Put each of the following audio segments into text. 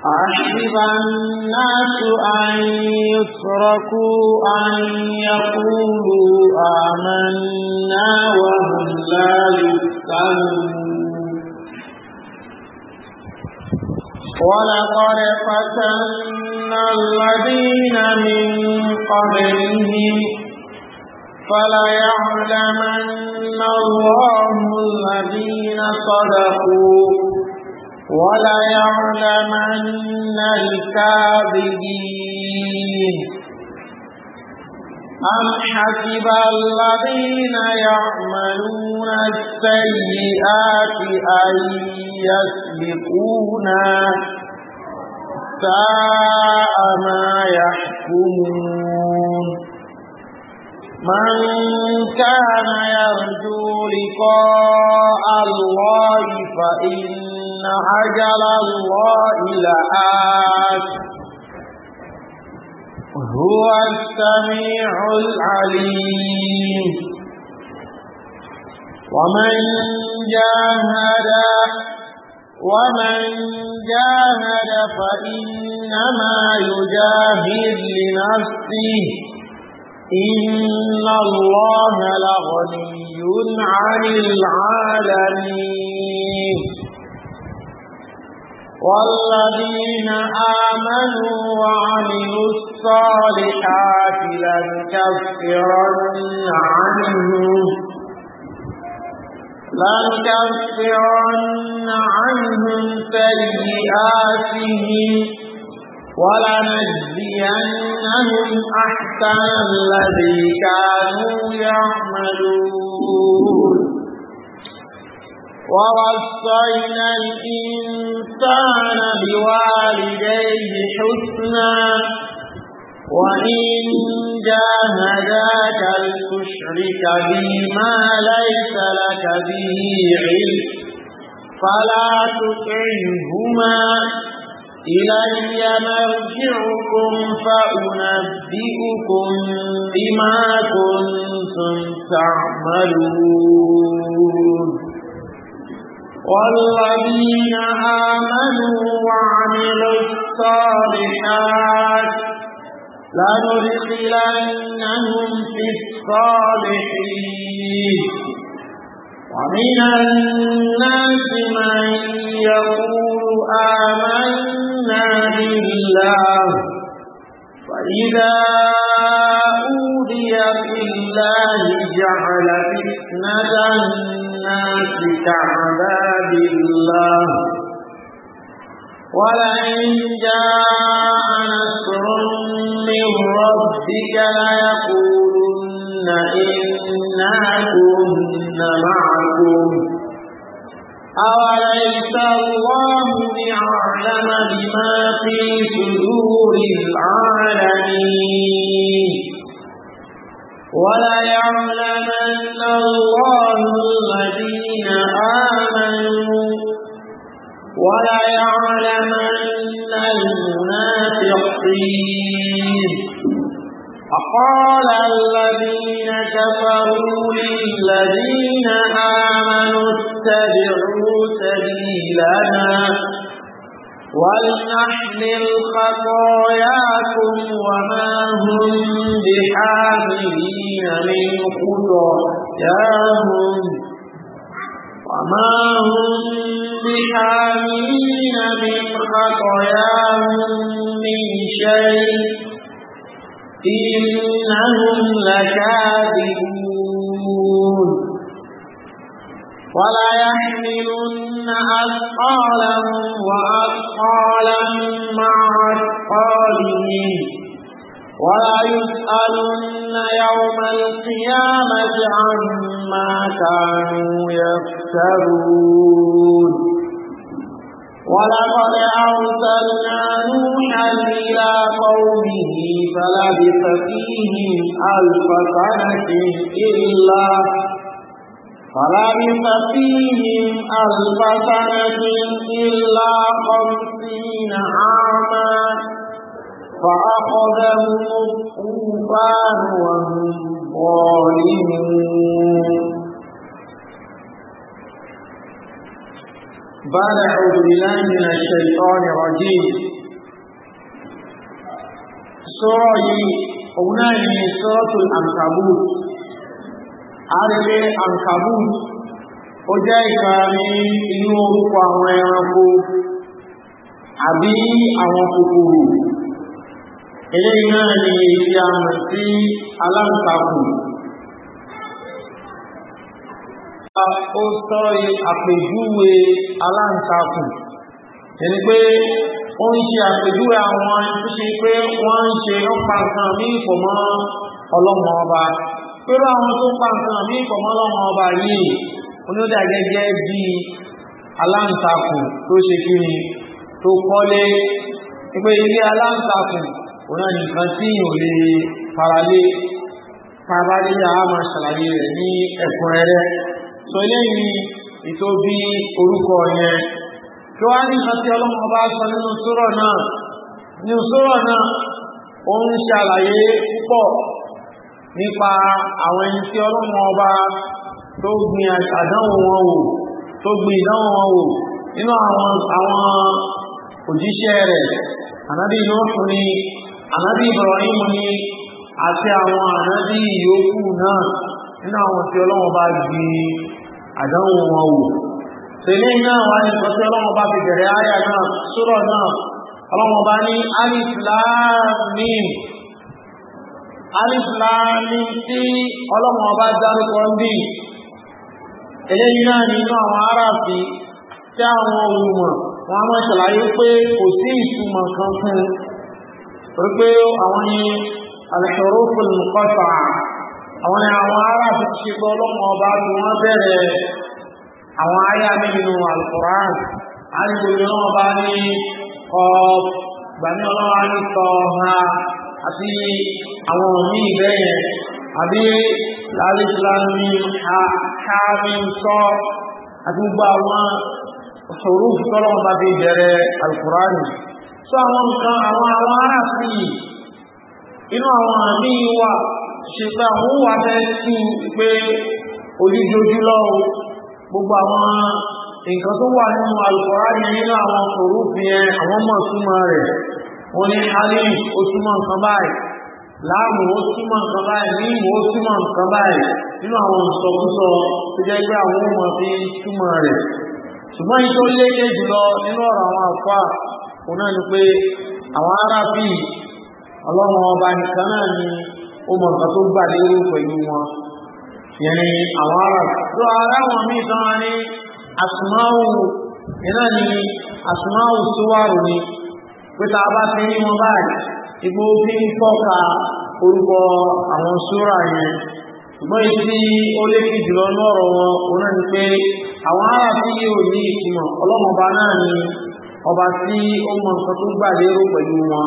أحسب الناس أن يتركوا أن يقولوا آمنا وهم لا يفتنون ولقد فتنا الذين من قبلهم فليعلمن الله الذين صدقوا وليعلمن الكاذبين أم حسب الذين يعملون السيئات أن يسبقونا ساء ما يحكمون من كان يرجو لقاء الله فإن عجل الله لآت هو السميع العليم ومن جاهد ومن جاهد فإنما يجاهد لنفسه إن الله لغني عن العالمين والذين آمنوا وعملوا الصالحات لنكفرن عنهم لنكفرن عنهم سيئاتهم ولنجزينهم أحسن الذي كانوا يعملون ووصينا الإنسان بوالديه حسنا وإن جاهداك لتشرك بما ليس لك به علم فلا تطعهما إلي مرجعكم فأنبئكم بما كنتم تعملون والذين آمنوا وعملوا الصالحات لندخلنهم في الصالحين ومن الناس من يقول آمنا بالله فإذا أوذي بالله جعل فتنة الناس كعباد الله ولئن جاء نصر من ربك ليقول إنا كنا معكم أوليس الله بأعلم بما في صدور العالمين وليعلمن الله الذين آمنوا وليعلمن المنافقين فقال الذين كفروا للذين آمنوا اتبعوا سبيلنا ولنحمل خطاياكم وما هم بحاملين من خطاياهم وما هم بحاملين من خطاياهم من شيء إنهم لكاذبون ولا يحملن أثقالهم وأثقالا مع أثقالهم ولا يسألن يوم القيامة عما كانوا يفترون ولقد أرسلنا نوحا إلى قومه فلبث فيهم ألف سنة إلا فلبث فيهم ألف سنة إلا خمسين عاما فأخذهم الطوفان وهم ظالمون بعد أعوذ بالله من الشيطان الرجيم سورة هنا من سورة الأنكبوت عارف الأنكبوت ó jẹ́ ìkan ní inú orúkọ àwọn ẹranko àbí àwọn kòkòrò eléyìí náà ni èyí tí a mọ̀ sí aláǹtakùn ó sọ àpèjúwe aláǹtakùn ẹni pé ó ń ṣe àpèjúwe àwọn tó ṣe pé wọ́n ń ṣe ó pa nǹkan ní ìfọ̀mọ́ ọlọ́mọ ọba pẹ̀lú àwọn tó pa nǹkan ní ìfọ̀mọ́ ọlọ́mọ ọba yìí onídà gẹ́gẹ́ bí aláǹtakùn tó ṣe kí ni tó kọ́lé pé ilé aláǹtakùn òun náà nìkan tí yìí ò lè faralé faralé yàrá máa ṣàlàyé rẹ̀ ní ẹ̀kúnrẹ́rẹ́ sọ eléyìí ìtòbí orúkọ yẹn tí wá ní sọ tí ọlọ́mọ bá sọ nínú sọ́rọ̀ náà o sọ́rọ̀ náà ó ń ṣàlàyé púpọ̀ nípa àwọn ẹni tí ọlọ́mọ ọba tó gbin àdánwò wọn wò tó gbin àdánwò wọn wò tẹ̀lé náà wà ní ọ̀sẹ̀ ọlọ́wọ́ bá fi bẹ̀rẹ̀ ayà náà sọ́rọ̀ náà ọlọ́wọ́ bá ní alìsìláàmìn alìsìláàmìn tí ọlọ́wọ́ bá dárúkọ ń bí eléyìí náà nínú àwọn aráàfi tí àwọn olùmọ̀ wọn máa ṣàlàyé pé kò sí ìtumọ̀ kan fún un pé àwọn ni alìsìláàmìn àwọn àwọn ará tó ti ṣe gbọ́ ọlọ́mọ ọba tó wọ́n bẹ̀rẹ̀ àwọn ayá nínú alukoran alùpùpù náà bá ní kọ gbàmí ọlọ́wà ní kọ ha àti àwọn míì bẹ́yẹn àbí lálẹ́sìlámi káàmì sọ àti gbogbo àwọn òṣòro tọ́lọ́ bá fi bẹ̀rẹ̀ alukoran sọ àwọn nǹkan àwọn àwọn ará sí inú àwọn míì wà ṣètò àwọn wà fẹ́ sí pé ojíjójú gbogbo àwọn nǹkan tó wà nínú alùpọ̀rá ní nínú àwọn òrùfin ẹ àwọn mọ̀ súnmọ́ rẹ̀ wọ́n ní alif ó túmọ̀ nǹkan báyìí láàmù ó nǹkan báyìí ó nǹkan báyìí nínú àwọn ìsọkúsọ tó jẹ́ pé àwọn ọmọ fi rẹ̀ ṣùgbọ́n yìí tó jùlọ nínú ọ̀rọ̀ àwọn òun náà ni pé àwọn ọba nìkan ó mọ nǹkan tó gbà lérò pẹ̀lú wọn yẹni àwọn ará tó ara wọn mí tán wá ní àsùmáwò iná ni àsùmáwò tó wà rò ní pé tá a bá fi ní wọn báyìí igbó fi ń tọ́ka orúkọ àwọn súra yẹn ṣùgbọ́n etí ó lékè jùlọ lọ́rọ̀ wọn òun náà pé àwọn ará tí yóò ní ìtumọ̀ ọlọ́mọba náà ni ọba tí ó mọ nǹkan tó gbà lérò pẹ̀lú wọn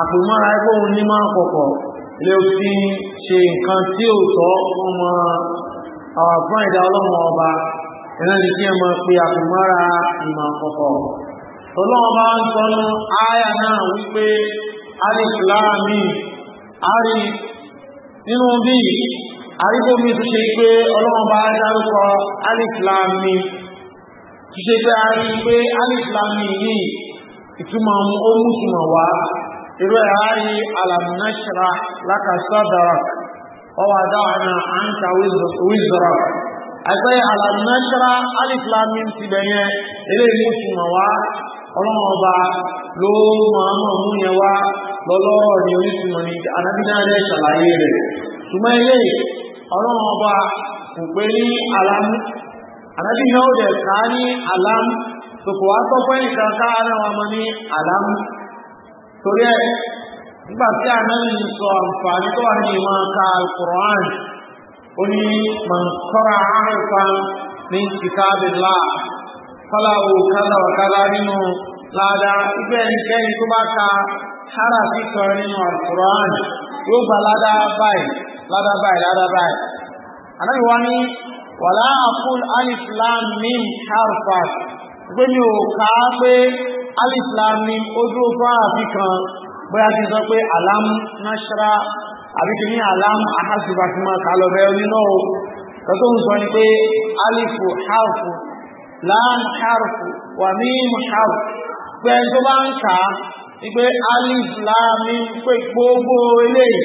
àpòmọ́ra ẹgbẹ́ òun ní máa kọ̀kọ̀ lè fi ṣe nǹkan tí ó tọ́ ọmọ àwàgbọ́n ẹ̀dá ọlọ́mọ ọba ẹ̀nà ní kí ẹ máa pe àpòmọ́ra ìmọ̀ kọ̀kọ̀ tọ́lọ́mọ bá ń sọnú áyà náà wípé alìsìláàmì àrí nínú bí àrígbómi tó ṣe pé ọlọ́mọ bá dárúkọ alìsìláàmì tó ṣe pé a rí pé alìsìláàmì ìtumọ̀ wá irú ẹ̀ á rí laka ọwọ́ adáhàna anka wizrak àìpẹ́ alamnashra alif ti bẹ̀yẹn eléyìí mú wá ọba ló máa mọ̀ wá lọ́lọ́rọ̀ ní onísùnmọ̀ ní anábínáàdẹ́ ṣàlàyé rẹ̀ ṣùgbọ́n ilé ọba kò pé ní alámú ní alámú tòkòwá ìkàkà ara wọn ní alámú torí ẹ nígbà tí ànábì sọ àǹfààní tó wà ní ìmọ̀ ká alukur'an ó ní mọ̀nkọ́ra àrùfà ní nínú láàdá ibẹ̀ ẹnikẹ́ni tó bá ka hárà kíkọ nínú alukur'an yóò gba ládá báyìí ládá báyìí ládá báyìí wá ní alif lam mim ó dúró kan bóyá ti sọ pé alam nashara àbí ní alam ahasibakima kálọ̀ bẹ́ẹ̀ nínú o ń sọ pé alifu harfu harfu wà mim harfu pé tó bá ń pé alif pé gbogbo eléyìí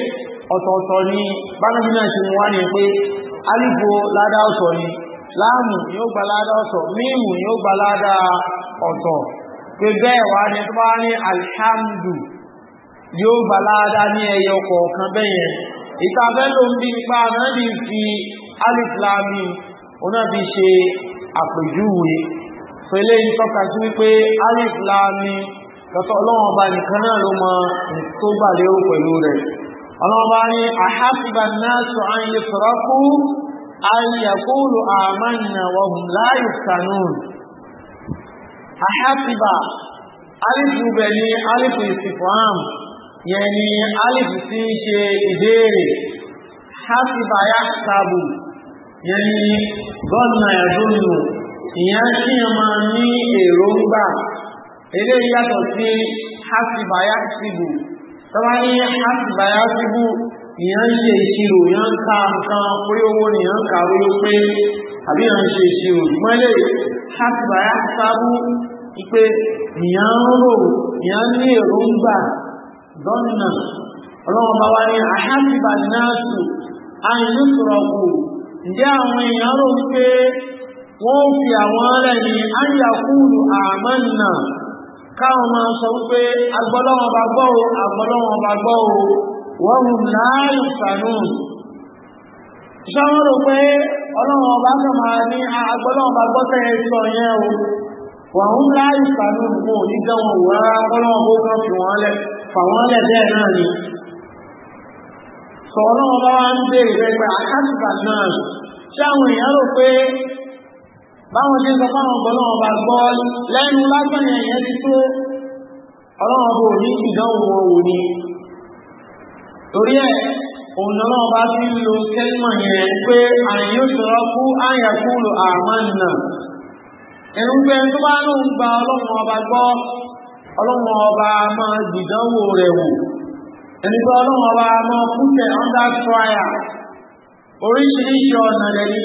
ọ̀tọ̀ọ̀tọ̀ ni náà alifu ládá ọ̀tọ̀ ni láàmù ni ó gba ọ̀tọ̀ pé bẹ́ẹ̀ wá ní tó bá ní alhamdu yóò gbà láàdá ní ẹyọ kọ̀ọ̀kan bẹ́yẹn ló ń bí nípa fi fi ṣe àpèjúwe pẹ̀lẹ́ ń tọ́ka sí wípé alìsìlámi lọ́tọ̀ ọlọ́wọ́n bá nìkan náà ló mọ tó gbà lérò pẹ̀lú rẹ̀ ọlọ́wọ́n bá ní àhásíbà alifu bẹ̀ ni alifu istifham yẹn ni alifu tí í ṣe ìbéèrè hásíbà yá sábù yẹn gọ́nà ẹ̀dùnnù ìyẹn kí ẹ máa ní èròǹgbà eléyìí yàtọ̀ sí ya yá síbù tọ́wá ní ya yá ìyá ń ṣe ìṣirò ìyá ń ka nǹkan orí owó ni a ń ka orí ó pé àbí ìyá ń ṣe ìṣirò ìmọ́lẹ̀ ṣàtìbáyá sábú wípé ìyá ń rò ìyá ní èròǹgbà dọ́nà ọlọ́run bá wá ní àṣàtìbà náàtù àìlú sọ̀rọ̀kù ǹjẹ́ àwọn èèyàn rò wípé wọ́n fi àwọn ọ̀rẹ́ ni áyàkúlù àmánà káwọn máa sọ wípé o agbọ́lọ́wọ́n o wọ́n hùn láàrín ìfànún ṣọ́wọ́rò pé ọlọ́run ọba máa ní agbọ́lọ́run bá gbọ́tẹ̀ yẹn o wọ́n láàrín ìfànún mú ọlọ́run bó fi wọ́n fàwọn bẹ́ẹ̀ náà ni ọba ń ṣe sọ ọba ọba torí ẹ̀ òun náà bá ti ń lo kẹ́lìmọ̀ yẹn pé àyíyó sọ̀rọ̀ kú àyàkúrò àmànà ẹ̀rùngbẹ́ tó bá ló ń gba ọlọ́run ọba gbọ́ ọlọ́run ọba máa gbìdánwò rẹ̀ wò ẹni tó ọlọ́run ọba máa kúkẹ̀ under trial oríṣiríṣi ọ̀nà lẹ́ni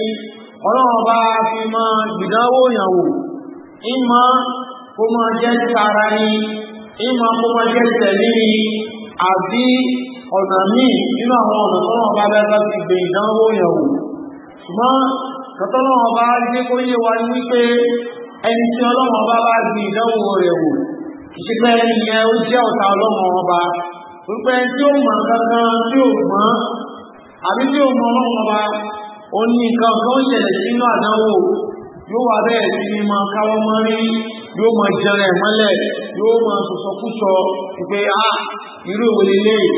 ọlọ́run ọba fi máa gbìdánwò yàn wò ìmọ̀ kó máa jẹ́ tara ni ìmọ̀ kó máa jẹ́ tẹ̀lé ni àbí ọ̀nà míì nínú àwọn ọ̀nà tọ́lọ̀ bá bẹ́ẹ̀ bá ti gbé ìdánwò yẹn wò ṣùgbọ́n kàtọ́lọ̀ bá gbé kó yé wa ní wípé ẹni tí ọlọ́wọ́n bá bá gbé ìdánwò rẹ̀ wò kìí pé ẹni yẹn ó jẹ́ ọ̀tá ọlọ́wọ́n ọba wípé tí ó mọ̀ gangan tí ó mọ̀ àbí tí ó mọ̀ ọlọ́wọ́n ọba ó ní nǹkan tó ń ṣẹlẹ̀ sínú àdánwò yóò wà bẹ́ẹ̀ sí ni máa káwọ́ mọ́ rí yóò máa jẹrẹ mọ́lẹ̀ yóò máa sọ̀sọ̀kúsọ pé a ah, irú ìwòlélẹ́yìn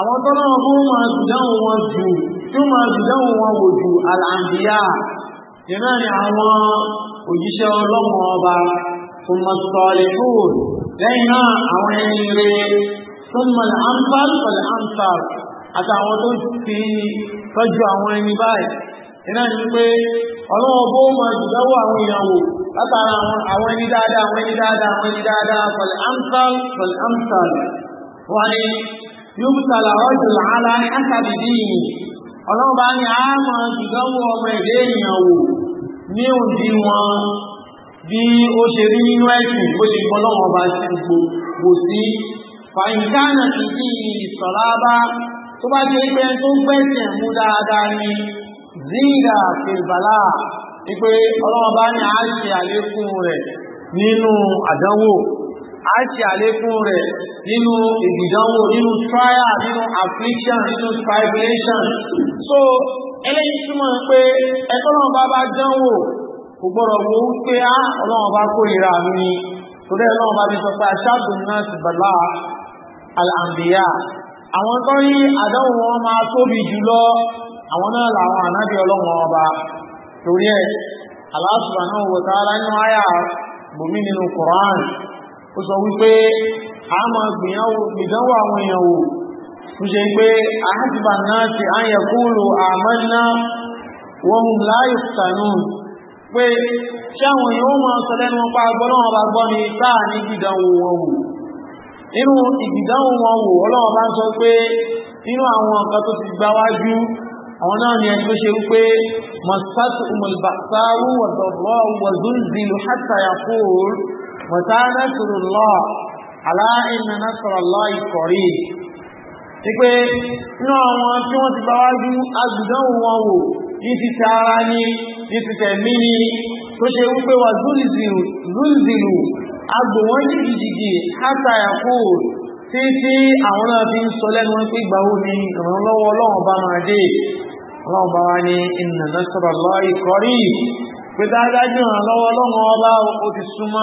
àwọn tọ́lọ́wọ́ bó máa dùdáwọn wọn jù tó máa dùdáwọn wọn wò jù àlàndíyà ìran ni àwọn òjíṣẹ́ ọlọ́mọ ọba tòmọ̀sọ̀lẹ̀ fóòl lẹ́yìn náà àwọn ẹni rẹ̀ tòmọ̀lẹ̀ amfàl pẹ̀lẹ̀ amfàl dáadáa àwọn ẹni dáadáa àwọn ẹni dáadáa pẹ̀lẹ̀ amfàl pẹ̀lẹ̀ amfàl wọ́n ni yóò bí sàlà ọ̀jọ̀ làálà ní àkàdìdì yìí ọlọ́ọ̀bá ní àmọ́ ìdánwò ọmọ èdè èèyàn wò ní òdì wọn bí ó ṣe rí nínú ẹ̀sìn bó ṣe gbọ́ lọ́wọ́ ọba sí gbogbo sí fàyínkánà ti di ìsọ̀lábá tó bá jẹ́ pé tó gbẹ̀sẹ̀ mú dáadáa ní zíga fèlbàlá wípé ọlọ́ọ̀bá ní àṣẹ àlékún rẹ̀ nínú àdánwò a ṣe àlékún rẹ̀ nínú ìdìdánwò nínú trial nínú affliction nínú tribulation so eléyìí túmọ̀ pé ẹtọ́lọ́run bá bá dánwò kò gbọ́dọ̀ wo wípé á ah, ọlọ́run bá kórìíra mi ni torí ọlọ́run bá ti sọ pé aṣáàdùn náà ti bàlá alàǹbíyà àwọn tó ní àdánwò wọn máa tóbi jùlọ àwọn náà làwọn ànábì ọlọ́run ọba torí ẹ̀ Allah subhanahu wa ta'ala nínú àyà bòmí nínú Kùránì ó sọ wípé a ma gbìdánwò àwọn èèyàn wò tó ṣe pé a ti bà náà ti a yẹ kúrò àmọ́ná wọ́n láì tànú pé ṣe àwọn èèyàn ó ma sọ lẹ́nu pa agbọ́lọ́wọ́ bá gbọ́ ni táà ní gbìdánwò wọn wò inú àwọn náà ni ẹni tó ṣe wípé masatu umulbasaru wàdọ̀rọ̀ wàzúnzìlù hátàyàkóòrò mọ̀tá nẹ́sùrùlọ́ aláìnà nẹ́sùrùlọ́ ìkọ̀rí wípé inú àwọn tí wọ́n ti ju agbùdánwò wọn wò ní ti tààrà ní ní ti tẹ̀mí ní tó ṣe wípé wà zúlìzìlù agbò wọn jìgìjìgì si tí tí àwọn náà fi ń sọ lẹ́nu wọn pé ní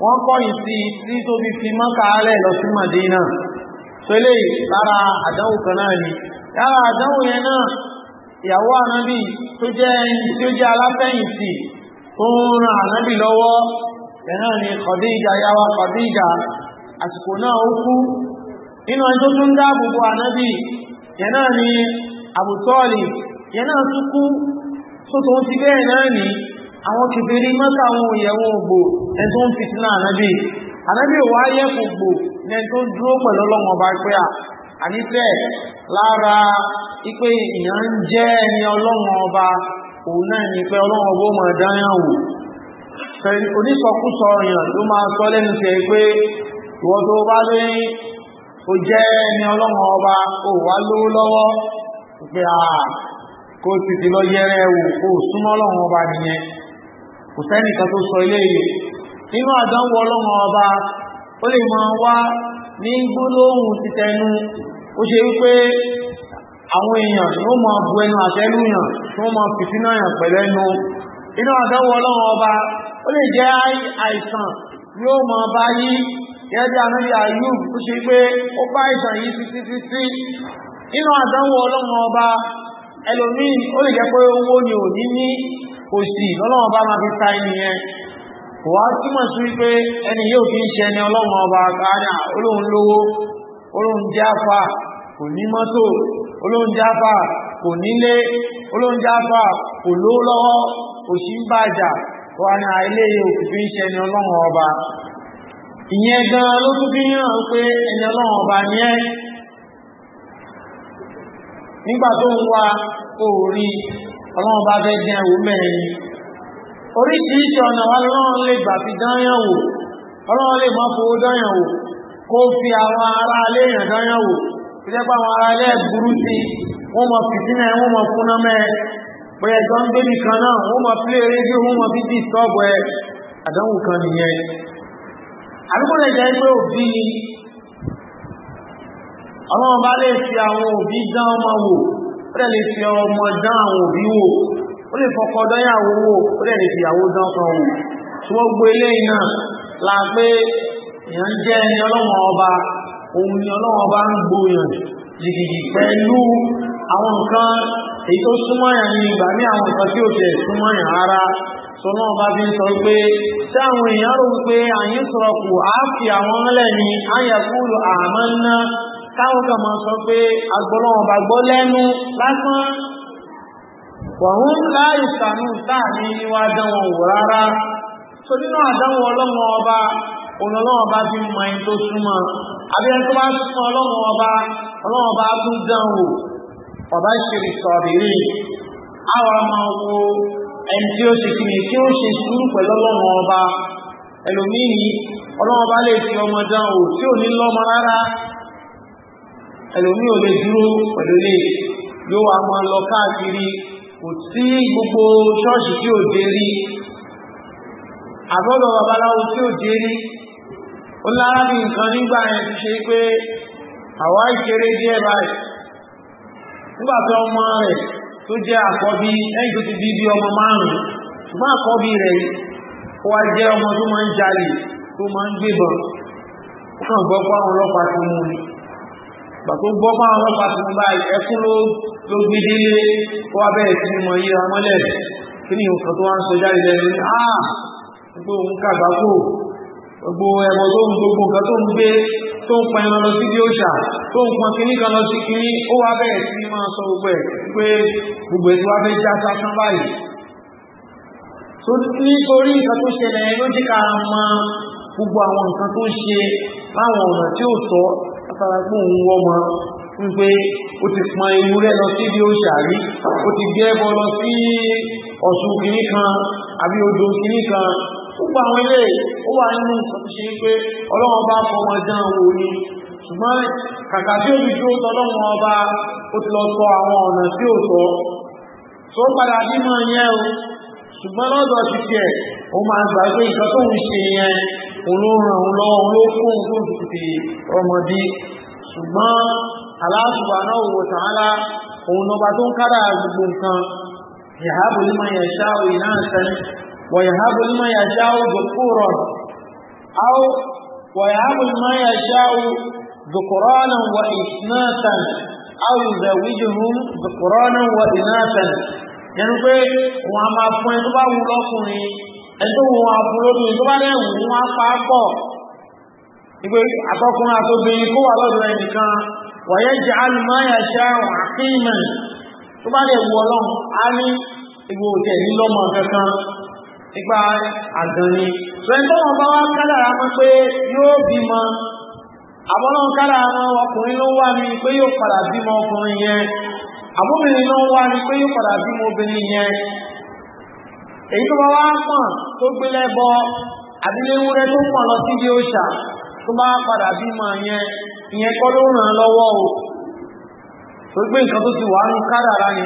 wọ́n kọ́ ìsí tí tó fi fi mọ́ka alẹ́ lọ sí Madina tó lè lára àdánwò kan náà ni lára àdánwò yẹn náà ìyàwó ànábì tó jẹ́ tí ó jẹ́ aláfẹ́yìntì tó ń ran ànábì lọ́wọ́ ẹ̀nà ni Khadija yáwa Khadija àsìkò náà ó kú inú ẹjọ́ tó ń dáàbòbò ànábì yẹn náà ni Abu yẹn náà tún kú tó tó ń ti bẹ́ẹ̀ náà nìí àwọn kìfèrí mọ́ta àwọn òyẹ̀wò ògbò ẹni tó ń fìtínà ànábì ànábì ò wá yẹ kò gbò ní ẹni ń dúró pẹ̀lú ọlọ́run ọba pé à ànífẹ́ lára ipe ìyàn ń jẹ́ ẹni ọlọ́run ọba òun náà pé ọlọ́run ọba ó mọ̀ dáyàn wò ọ̀yàn ló máa sọ lẹ́nu pé tó bá lé jẹ́ ẹni ọlọ́run ọba ó wá lówó lọ́wọ́ pé à lọ yẹrẹ wò súnmọ́ ọba nìyẹn kò sẹ́nìkan tó sọ ilé yìí nínú àdánwò ọlọ́mọ ọba ó lè máa wá ní gbólóhùn títẹnu ó ṣe wípé àwọn èèyàn ní ó máa bu ẹnu àtẹ́lúyàn tí wọ́n máa fìtínà pẹ̀lú ẹnu. inú àdánwò ọlọ́mọ ọba ó lè jẹ́ àìsàn ni ó máa bá yí gẹ́gẹ́ anáyà yúù tó ṣe pé ó bá àìsàn yí títí títí inú àdánwò ọlọ́run ọba ẹlòmíì ó lè jẹ́ pé owó ni ò ní ní òsì lọ́lọ́wọ́ bá máa fi ta ẹni yẹn kò wá túmọ̀ sí wípé ẹni yóò fi ń ṣe ẹni ọba káàdà olóhun lówó olóhun jáfa kò ní mọ́tò olóhun jáfa kò nílé olóhun jáfa kò lówó lọ́wọ́ òsì ń bàjà wà ní fi ń ṣe ẹni ọba ìyẹn gan ló tún fi ọlọ́run bá fẹ́ dín ẹ̀wò mẹ́rin oríṣiríṣi ọ̀nà wa lọ́run lè gbà fi dányàn wò ọlọ́run lè mọ́ fowó dányàn wò kó fi àwọn ará alé èèyàn dányàn wò tó jẹ́ pé àwọn ará alé burú sí wọ́n mọ fìtínà ẹ̀ wọ́n mọ fúnná mẹ́ẹ̀ bóyá ẹ̀jọ́ ń gbé nìkan náà wọ́n mọ pílé rédíò wọ́n mọ fídí ìtọ́bù ẹ̀ àdánwò kan nìyẹn àdúgbò lè jẹ́ pé òbí ọlọ́run bá lè fi àwọn òbí dán ọmọ wò rẹ̀ lè fi ọmọ dán àwọn òbí wò ó lè fọkọ dányàwó wò ó rẹ̀ lè fi ìyàwó dán kan wò tí wọ́n gbé ilé náà la pé èèyàn jẹ́ ẹni ọlọ́wọ́n ọba òun ni ọlọ́wọ́n ọba ń gbóyàn jìgìjì pẹ̀lú àwọn nǹkan èyí tó súnmọ́yàn ní ìgbà ní àwọn nǹkan tí ó tẹ̀ súnmọ́yàn ara sọ́nà ọba fi ń sọ pé tí àwọn èèyàn rò pé àyín sọ̀rọ̀ kù á fi àwọn ọlẹ́ni áyẹ̀kúrò àmọ́ náà káwọn kan máa sọ pé agbọ́lọ́wọ́n bá gbọ́ lẹ́nu lásán wọ̀hún láì sànú táàní ní wá dánwọ̀n wò rárá tó nínú àdánwò ọlọ́wọ́n ọba olọ́wọ́n ọba fi mọ ẹni tó súnmọ́ abẹ́rẹ́ tó bá súnmọ́ ọlọ́wọ́n ọba ọlọ́wọ́n ọba tún dánwò ọba ṣèrè sọ̀rìrì ẹlòmí ò lè dúró pẹ̀lú lè yóò wá máa lọ káàkiri kò sí gbogbo ṣọ́ọ̀ṣì tí ò dé rí àbọ́lọ̀ babaláwo tí ò dé rí ó lára bí nǹkan nígbà yẹn ti ṣe pé àwa ìkéré díẹ̀ báyìí nígbà tó ọmọ rẹ̀ tó jẹ́ àkọ́bí ẹ̀yìn tó ti bí bí ọmọ márùn-ún ṣùgbọ́n àkọ́bí rẹ̀ ó wá jẹ́ ọmọ tó máa ń jalè tó máa ń gbébọn ó kàn gbọ́ pé àwọn ọlọ́pàá ti mú ni bàtó gbọ́ máa wọ́n pa tuntun báyìí ẹkún ló ló gbé délé kó wá bẹ́ẹ̀ sí mọ yíra mọ́lẹ̀ kí ni nǹkan tó wá ń sọ jáde lẹ́nu ní ah! à gbogbo òun kàgbá kò gbogbo ẹ̀mọ́ tó ń gbogbo nǹkan tó ń gbé tó ń pa ẹran lọ sí bí ó ṣà tó ń pọn kinní kan lọ sí kinní ó wá bẹ́ẹ̀ sí máa sọ gbogbo ẹ̀ pé gbogbo ètò wá fẹ́ já sásán báyìí tó nítorí nǹkan tó ṣẹlẹ̀ ló jẹ́ ká mọ gbogbo àwọn nǹkan tó ń ṣe láwọn ọ̀nà tí ó tọ́ látàrágbóhun ọmọ wípé ó ti pọn ewúrẹ́ lọ sí bí ó ṣàrí ó ti gẹ́ẹ̀bọ lọ sí ọ̀ṣun kìíní kan àbí odò kìíní kan gbogbo àwọn ilé ó wà nínú ṣe pé ọlọ́wọ́n bá fọmọ dán wò ni ṣùgbọ́n kàkà tí ó fi tó tọ́lọ́wọ́n ọba ó ti lọ sọ àwọn ọ̀nà tí ó sọ tó padà bímọ yẹn o ṣùgbọ́n lọ́dọ̀ ti tiẹ̀ ó máa gbà pé nǹkan tóun ṣe yẹn olóòrùn òun lọ́wọ́ ló kún ọmọdé ṣùgbọ́n Allah subhanahu wa ta'ala òun lọba tó ń kára gbogbo nǹkan yahabu liman yasha'u inasan wa yahabu yẹnu pé wọn a máa fún ẹ tó bá wù lọ́kùnrin ẹ̀tọ́ wọn àfúrómi tó bá lẹ́wù ní wọ́n pa pọ̀ ìgbé àtọkùnrin àtobìnrin kó wà lọ́dọ̀ ẹnìkan wọ̀nyẹ́ jẹ́ alùmáyà ṣáàrùn àkíìmẹ̀ tó bá lẹ́wù ọlọ́run á ní ìgbò òtẹ̀ nílọ́mọ kankan nípa àgbọ̀nni ṣẹ́ńtọ́ wọn bá wá kádàrá mọ́ pé yóò bímọ àbọ́lọ́n kádàrá mọ́ ọkùnrin ló wà ní pé yóò padà bímọ ọkùnrin yẹn àbóbìnrin ló wà ní pé yóò padà bímọ obìnrin yẹn èyí tó bá wá pọ̀n tó gbé lẹ́bọ àbíléwúrẹ́ tó pọ̀n lọ síbi òòṣà tó bá padà bímọ yẹn ìyẹn kọ́ ló ràn o tó gbé nǹkan tó ti wà kádàrá ni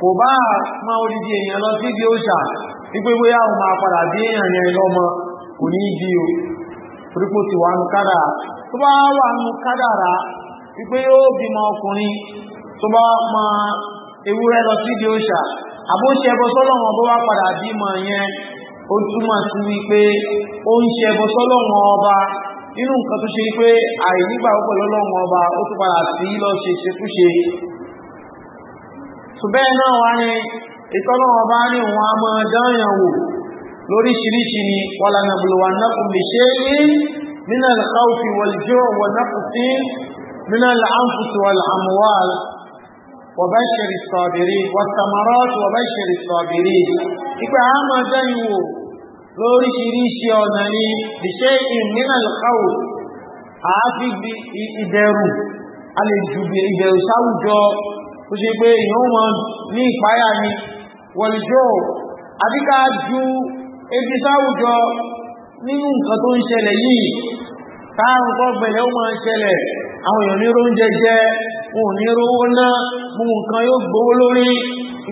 tó bá odidi èèyàn lọ síbi òòṣà wípé bóyá òun máa padà bí èèyàn yẹn lọ́mọ ní o tó bá wà kádàrá ewúrẹ́ lọ síbi òòṣà àbóṣẹbọ sọ́lọ́wọ́n bó wá padà bímọ yẹn ó túmọ̀ sí wípé ó ń ṣẹbọ sọ́lọ́wọ́n ọba nínú nǹkan tó ṣe wípé àìnígbà ó pẹ̀lú ọlọ́wọ́n ọba ó tún padà sí lọ ṣe ṣekúṣe ṣùgbẹ́ náà wá ní ìtọ́lọ́wọ́n ọba ní òun á máa dáyàn wò lóríṣiríṣi ni wàlànàbùlùwànàkùn lè ṣe é ní nínú àlùkáwùfì wọ̀lùjọ́ wọ̀nàkùn sí nínú àlùkáwùfì وبشر الصابرين والثمرات وبشر الصابرين يبقى عام زيه لوري شريشي ونني بشيء من الخوف عافي بإدارو على الجبير إدارو سوجو وشيبه يوما ní ìpáyà ni wọ̀lìjọ́ جو ju ebi sáwùjọ nínú nǹkan tó ń ṣẹlẹ̀ yìí táàrùn kọ́ bẹ̀rẹ̀ ó wọn ò ní rówó ná mú nǹkan yóò gbówó lórí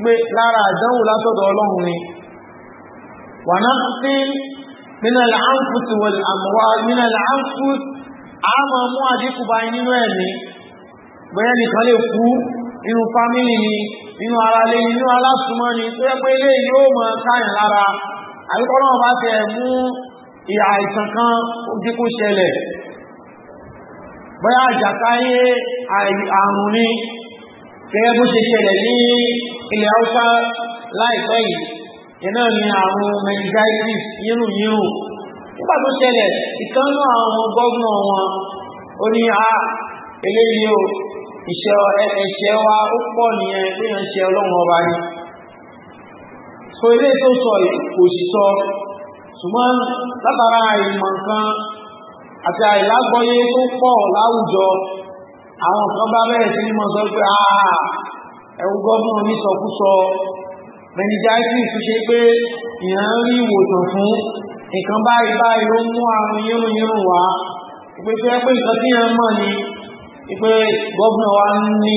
pé lára àdánwò látọ̀dọ̀ ọlọ́run ni wà náà sí nínú àmfùsì wọ̀l àmọ́wá nínú àmfùsì àmọ́ mú àdínkù bá nínú ẹ̀mí bẹ́ẹ̀ nìkan lè kú nínú fámílì ni nínú ara lè nínú alásùmọ́ ni tó yẹ pé ilé yóò mọ káyàn lára àbíkọ́ náà bá tẹ̀ mú ìhà ìsàn kan ó ṣẹlẹ̀ bóyá àjàkáyé àrùn ni gẹ́gẹ́ bó ṣe ṣẹlẹ̀ ní ilẹ̀ haúsá láìpẹ́ yìí iná ni àrùn meningitis yírùn yírùn nígbà tó ṣẹlẹ̀ ìkánú àwọn gọ́gùnà wọn ó ní a eléyìí o ìṣẹ́ wa ó pọ̀ nìyẹn léèyàn ṣe ọlọ́run ọba ni so ilé tó sọ kò sì sọ ṣùgbọ́n látara ìmọ̀ nǹkan àti àìlágbọ́yé tó pọ̀ láwùjọ àwọn kan bá bẹ̀rẹ̀ sí ní mọ̀ sọ pé àà ẹ̀wù gọ́ọ̀mù ní sọkúsọ meningitis tó ṣe pé ìyàn rí ìwòsàn fún nǹkan báyìí báyìí ló mú àrùn yírùn yírùn wá ìpè tó yẹ pé nǹkan tí yẹn mọ̀ ni ìpè gọ́ọ̀mù wa ní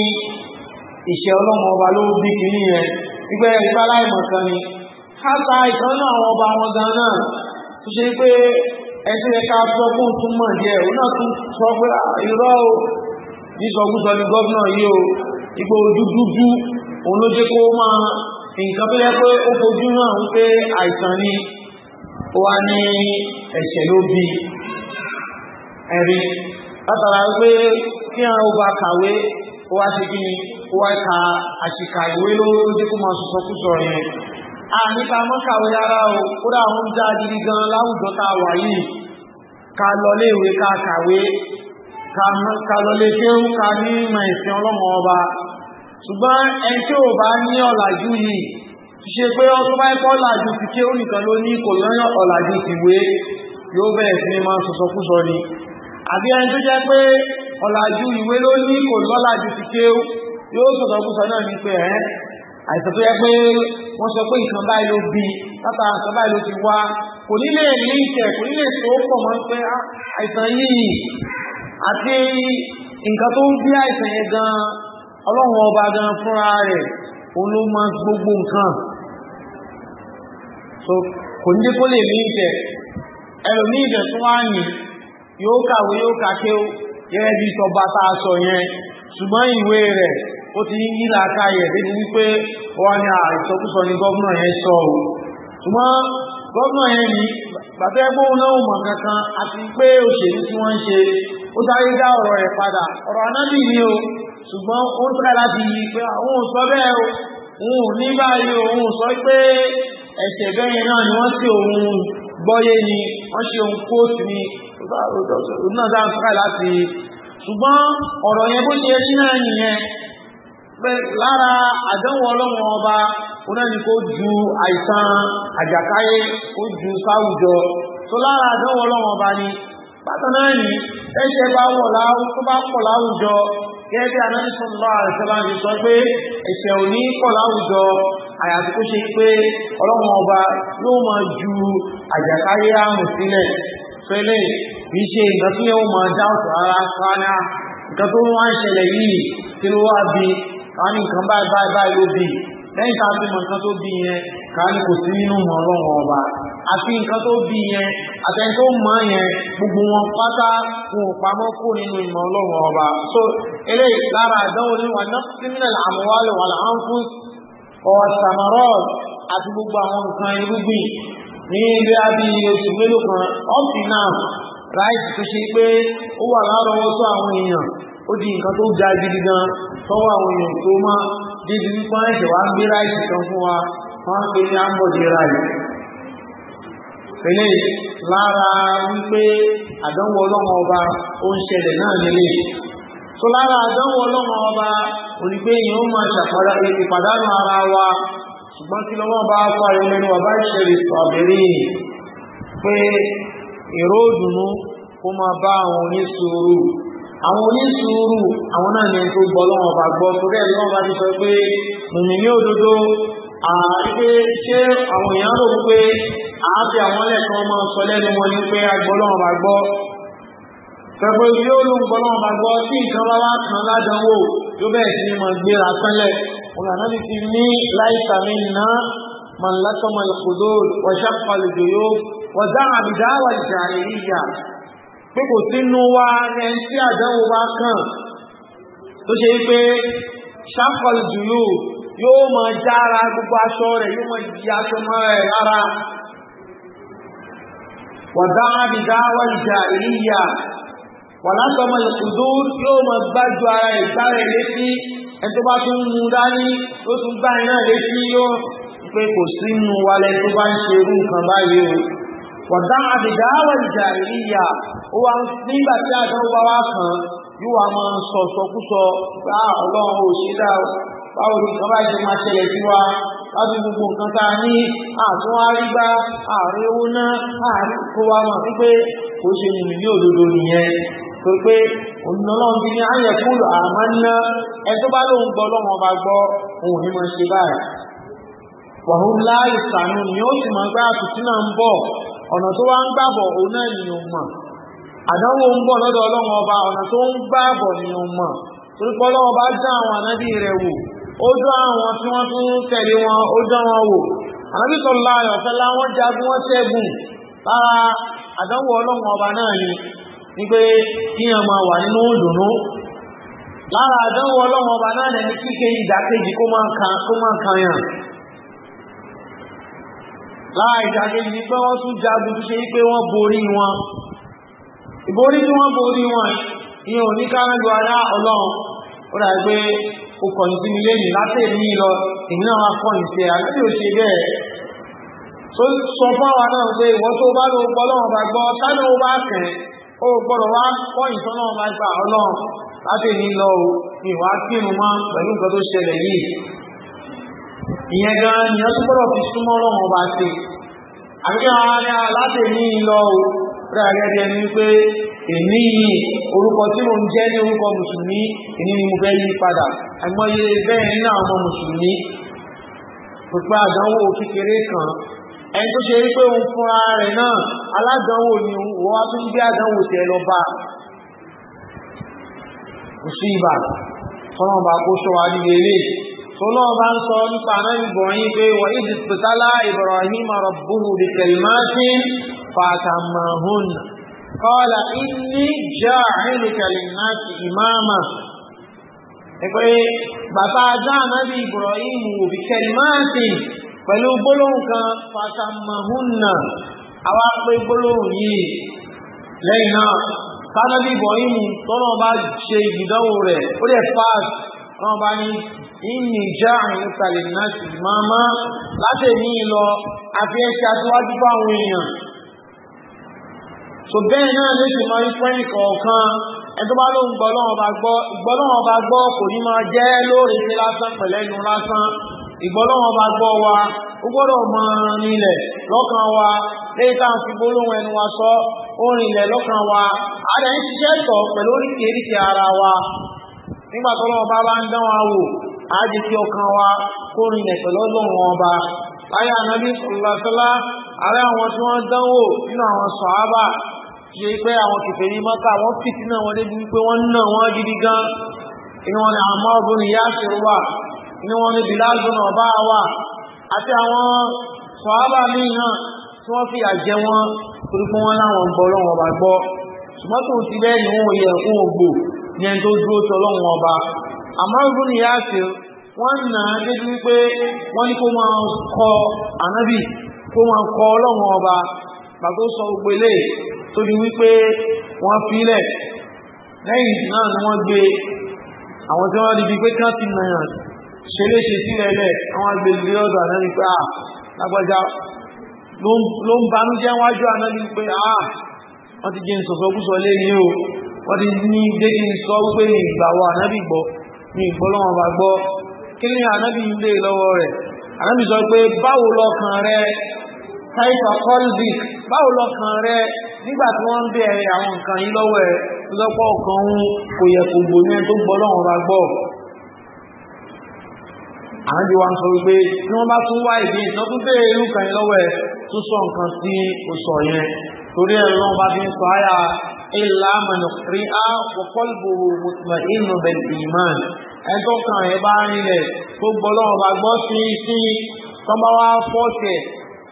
ìṣẹ́ ọlọ́mọ ọba ló bí kìíní yẹn ìpè ìpàláìmọ̀kan ni ká ta ìtọ́nà àwọn ọba wọn gan náà ṣe pé ẹni yẹ ká sọ fún tún mọ̀ yẹ òun náà tún sọ pé ah, irọ́ o ìsọkúsọ ni gọ́ọ̀nà yìí o ipò ojú dúdú òun ló jẹ́ kó máa nǹkan tó yẹ pé ó fojú náà ń pé àìsàn ni ó ní ẹ̀ṣẹ̀ ló bí látara pé kí àwọn ọba kàwé ó wá kí ni ó wá àṣìkà ìwé ló jẹ́ kó máa sọkúsọ yẹn ànípa mọ́kàwé rárá o kódà àwọn já gidi gan láwùjọ tá a wà yìí ká lọlé ìwé ká kàwé ká lọlé kéwú ká ní ìmọ̀ ìsìn ọlọ́mọ ọba ṣùgbọ́n ẹni tí ò bá ní ọ̀làjú yìí ti ṣe pé ọdún bá ẹ̀kọ́ ọ̀làjú ti kéwú nìkan ló ní kò lọ́yàn ọ̀làjú ti wé yóò bẹ̀rẹ̀ sí ní máa sọ̀sọ̀ kú sọ ni àbí ẹni tó jẹ́ pé ọ̀làjú ìwé ló ní kò lọ́làjú ti kéwú yóò sọ̀sọ̀ kú sọ náà ní pé ẹ́ àìsàn tó yẹ pé wọ́n sọ pé ìtàn báyìí ló bí báyìí ló ti wá kò nílé ní ìtẹ̀ kò nílé tó pọ̀ mọ́ pé ah, àìsàn yìí àti nǹkan tó ń bí àìsàn yẹn gan ọba gan fúnra rẹ̀ òun ló máa gbogbo nǹkan so kò ní kó lè ní ìtẹ̀ ẹlòmíì tó wá yìn yóò kàwé yóò yẹn ṣùgbọ́n ìwé rẹ̀ ó ti yí làákàyè débi wípé wọ́n ní àìsọkúsọ ni gọ́ọ̀nà yẹn sọ ò ṣùgbọ́n gọ́ọ̀nà yẹn yìí bàbá ẹgbẹ́ òun náà mọ̀ kankan àti pé òṣèlú tí wọ́n ń ṣe ó sáré dá ọ̀rọ̀ rẹ̀ padà ọ̀rọ̀ anábì ni o ṣùgbọ́n ó ń tẹ́lá láti yí pé àwọn ò sọ bẹ́ẹ̀ o òun ò ní báyìí òun sọ pé ẹ̀ṣẹ̀ bẹ́yẹn náà ni wọ́n sì òun gbọ́yé ni wọ́n ṣe òun kóòtù ni òun náà dá ń tẹ́lá láti ṣùgbọ́n ọ̀rọ̀ yẹn bó ṣe rí náà nìyẹn lára àdánwò ọlọ́wọ́n ọba oná ni kó ju àìsàn àjàkáyé kó ju sáwùjọ tó lára àdánwò ọlọ́wọ́n ọba ni bákan náà ni ẹ̀ṣẹ̀ bá wọ̀ tó bá pọ̀ láwùjọ gẹ́gẹ́ bí anánísọ̀lá àrẹ̀sọ́lá ti sọ pé ẹ̀ṣẹ̀ ò ní pọ̀ láwùjọ àyàfi kó ṣe pé ọlọ́wọ́n ọba yóò máa ju àjàkáyé àrùn sílẹ̀ pẹ́lẹ̀ kìí ṣe ìgbàtí tó wọ́n kí ló wá bí ká ní nǹkan báyìí báyìí báyìí ló bí lẹ́yìn tá a ti mọ nǹkan tó bí yẹn ká ní kò sí nínú mọ̀ ọlọ́run ọba àti nǹkan tó bí yẹn àtẹni tó mọ̀ yẹn gbogbo wọn pátá wọn ò pamọ́ kó nínú ìmọ̀ ọlọ́run ọba so eléyìí lára àdánwò ní wà náà criminal àmúwálò wà láǹfùs ọ̀wà samarol àti gbogbo àwọn nǹkan irúgbìn ní ilé abí oṣù mélòó kan ọ̀sìn náà ráìsì tó ṣe pé ó wà lárọ̀ọ́wọ́sọ àwọn èèyàn ó di nǹkan tó ga gidi gan tọ́wọ́ àwọn èèyàn tó má débi wípé gbé ráìsì kan fún wa wọ́n pè ní ráìsì pẹ̀lẹ́ lára wípé àdánwò ọba ó ń ṣẹlẹ̀ náà nílé tó lára àdánwò ọlọ́mọ ọba onígbé yìí ó máa ṣàpàdà ìpàdánù ara wa ṣùgbọ́n kí lọ́wọ́ bá fà ìrìnlẹ́nu ọba ìṣẹ̀lẹ̀ pé ìró kó máa bá àwọn àwọn oníṣòro àwọn náà ni ẹni tó gbọ́ lọ́wọ́ bá gbọ́ torí ẹni wọ́n bá ti sọ pé mùmí ní òdodo àti ṣé àwọn èèyàn rò pé àáfi àwọn lẹ́kọ̀ọ́ ọmọ sọ lẹ́nu wọn ni pé agbọ́ lọ́wọ́ bá gbọ́ pẹ̀pẹ́ yóò ló ń gbọ́ lọ́wọ́ bá gbọ́ tí nǹkan bá wá kan ládánwò yóò bẹ̀rẹ̀ sí ni máa gbéra pẹ́lẹ̀ ọ̀làná ti ti ní láìsà mi ná màlákọ́mọ̀lẹ́kọ̀dọ́ wọ́ṣàpàlùjọ́ yóò wọ́dá àbìdá wà ìjà ìrìyà pé kò sínú wa ẹni tí àdánwò bá kàn tó ṣe pé ṣàkọlù jùlọ yóò mọ jára gbogbo aṣọ rẹ̀ yóò mọ jí aṣọ mọ́ra ẹ̀ rárá wàdá àbìdá wà ìjà ìníyà wà látọmọ ìkùdó yóò mọ gbájú ara ẹ̀ gbára létí ẹni tó bá tún mú dání ló tún gbá iná létí yóò pé kò sínú wa lẹni tó bá ń ṣe irú nǹkan báyìí o wọ̀dá àbìdáwà ìjàríyà ó wá nígbà tí àjọ wá wá kan yóò wá máa ń sọ sọkúsọ bá ah, ọlọ́run ò ṣe dá báwo ni nǹkan báyìí máa ṣẹlẹ̀ sí wa láti gbogbo nǹkan tá a ní àtún àrígbá ààrẹ owó náà ààrẹ kó wa mọ̀ wípé kò ṣe nìyí ní òdodo nìyẹn tó pé ònàlọ́run ti ní ayẹ̀ kúrò àmọ́ ná ẹ tó bá lóun gbọ́ lọ́wọ́n bá gbọ́ òun ní máa ṣe báyìí wàhùn láì sànù ni ó sì máa gbá àtúntì náà ń bọ̀ ọ̀nà tó wá ń gbàbọ̀ òun náà nìyẹn mọ̀ àdánwò ń bọ̀ lọ́dọ̀ ọlọ́run ọba ọ̀nà tó ń gbàbọ̀ mọ̀ ọlọ́run ọba dá àwọn ànábì rẹ̀ wò ó dá àwọn tí wọ́n tún tẹ̀lé wọn ó dá wọn wò ànábì ni ni pé máa wà nínú lára àdánwò ọlọ́run ọba náà ni kíkẹ́ kó máa kan yàn láì ìdàkejì ni pé wọ́n tún já tó ṣe pé wọ́n borí wọn ìborí tí wọ́n borí wọn ìyẹn ò ní kárẹ́lú ará ọlọ́run ó dàbí pé ó kọ̀yìn sí mi lẹ́yìn látẹ̀mí lọ èmi náà máa kọ̀yìn sí ẹ àti ò ṣe bẹ́ẹ̀ tó sọ fún àwa náà pé ìwọ tó bá lọ gbọ́ lọ́wọ́ bá gbọ́ táná ó bá kàn ó gbọ́dọ̀ wá kọ̀yìn sọ náà gbà ọlọ́run látẹ̀mí lọ ìwà kírun mọ́ pẹ̀lú nǹkan tó ṣẹlẹ̀ yìí ìyẹn gan ni wọ́n tún gbọ́dọ̀ fi súnmọ́ ọlọ́run ọba ṣe àbíkí àwọn ará aláṣẹ ní ìlọ rẹ̀ gẹ́gẹ́ ni pé èmi yìí orúkọ tí mo ń jẹ́ ní orúkọ mùsùlùmí èmi ni mo fẹ́ yí padà àgbọ́yé bẹ́ẹ̀ nínú àwọn ọmọ mùsùlùmí pípa àdánwò kékeré kan ẹni tó ṣe rí pé òun fúnra rẹ̀ náà aládánwò ni wọ́n á tún gbé àdánwò tẹ̀ lọ bá kò sí ibà fọ́nà bá kó sọ wá nílé eléyìí tọ́lọ́wọ́ bá ń sọ nípa náà ìbọ̀nyí pé wà ìdí pẹ̀tálá Ibrahim rabbuhu bi kalimatin fatammahun qala inni ja'iluka linnasi imama ẹgbẹ́ bàbá ajá náàbí Ibrahim bi kalimatin pẹ̀lú gbólóhùn kan fatammahun àwa pé gbólóhùn yìí lẹ́yìn náà sánábí inni ja'in talin nasi mama láti ní lọ àfi ẹsẹ̀ aṣíwájú bá àwọn èèyàn so bẹ́ẹ̀ náà ló ṣe máa rí pẹ́ẹ́nì kọ̀ọ̀kan ẹni tó bá ló ń gbọ́lọ́wọ́ bá gbọ́ ìgbọ́lọ́wọ́ bá gbọ́ kò ní máa jẹ́ lóore ṣe lásán pẹ̀lẹ́nu lásán ìgbọ́lọ́wọ́ bá gbọ́ wa ó gbọ́dọ̀ máa nílẹ̀ lọ́kàn wa lẹ́yìn tá à ń fi gbólóhùn ẹnu wa sọ ó rìnlẹ̀ lọ́kàn wa a rẹ̀ ń ṣiṣẹ́ tọ̀ pẹ̀lú oríkèéríkèé ara wa nígbà tó lọ́wọ́ bá bá ń dán wa wò á jẹ́ kí ọkàn wa kó rinlẹ̀ pẹ̀lú ọlọ́run ọba láyé ànábì sọlọ́sọlá ààrẹ àwọn tí wọ́n dánwò nínú àwọn sọ̀hábà ṣe pé àwọn kèfèrí mọ́ta wọ́n fìtí náà wọ́n débi wípé wọ́n nà wọ́n gidi gan inú wọn ni àmọ́ ọdún ni yáṣẹ̀ wà inú wọn ni bìláàdùn ọba wà àti àwọn sọ̀hábà míì náà tí wọ́n fi àjẹ wọn torí pé wọ́n láwọn gbọ́ ọlọ́run ọba gbọ́ ṣùgbọ́n tó ti bẹ́ẹ̀ ni wọ́n yẹ Ammar ibn Yasir wọ́n nà á débi wípé wọ́n ní kó máa kọ ànábì kó máa kọ ọlọ́run ọba pàtó sọ gbogbo ilé tó di wípé wọ́n filẹ̀ lẹ́yìn náà ni wọ́n gbé àwọn tí wọ́n di pé kán ti nà ṣe léṣe sílẹ̀ lẹ̀ àwọn agbègbè ọ̀dọ̀ ànábì pé à lágbájá ló ń banújẹ́ wájú ànábì pé à wọ́n ti jẹ́ ìsọ̀sọ́kúsọ lé ní o wọ́n ti ní dédé ìsọ wípé ìgbà wo ànábì gbọ́ ní ìgbọ́lọ́wọ́n bá gbọ́ kí ní ànábì ń lè lọ́wọ́ rẹ̀ ànábì sọ pé báwo lọ́kàn rẹ̀ taifa coldic báwo lọ́kàn rẹ̀ nígbà tí wọ́n ń bẹ̀rẹ̀ àwọn nǹkan yìí lọ́wọ́ ẹ̀ lọ́pọ̀ ọkàn òun kò yẹ kò gbò ní tó gbọ́lọ́wọ́n bá gbọ́ ànábì wa ń torí ẹ̀ lọ́wọ́ bá fi ń sọ àyà ilá mọ̀nàkiri á wọ́pọ̀lùbùrù mutmainu bẹ̀rẹ̀ ìmán ẹjọ́ kan ẹ̀ bá rinlẹ̀ tó gbọ́ lọ́wọ́ bá gbọ́ sí sí tọ́ba wá fọ́ọ̀tẹ̀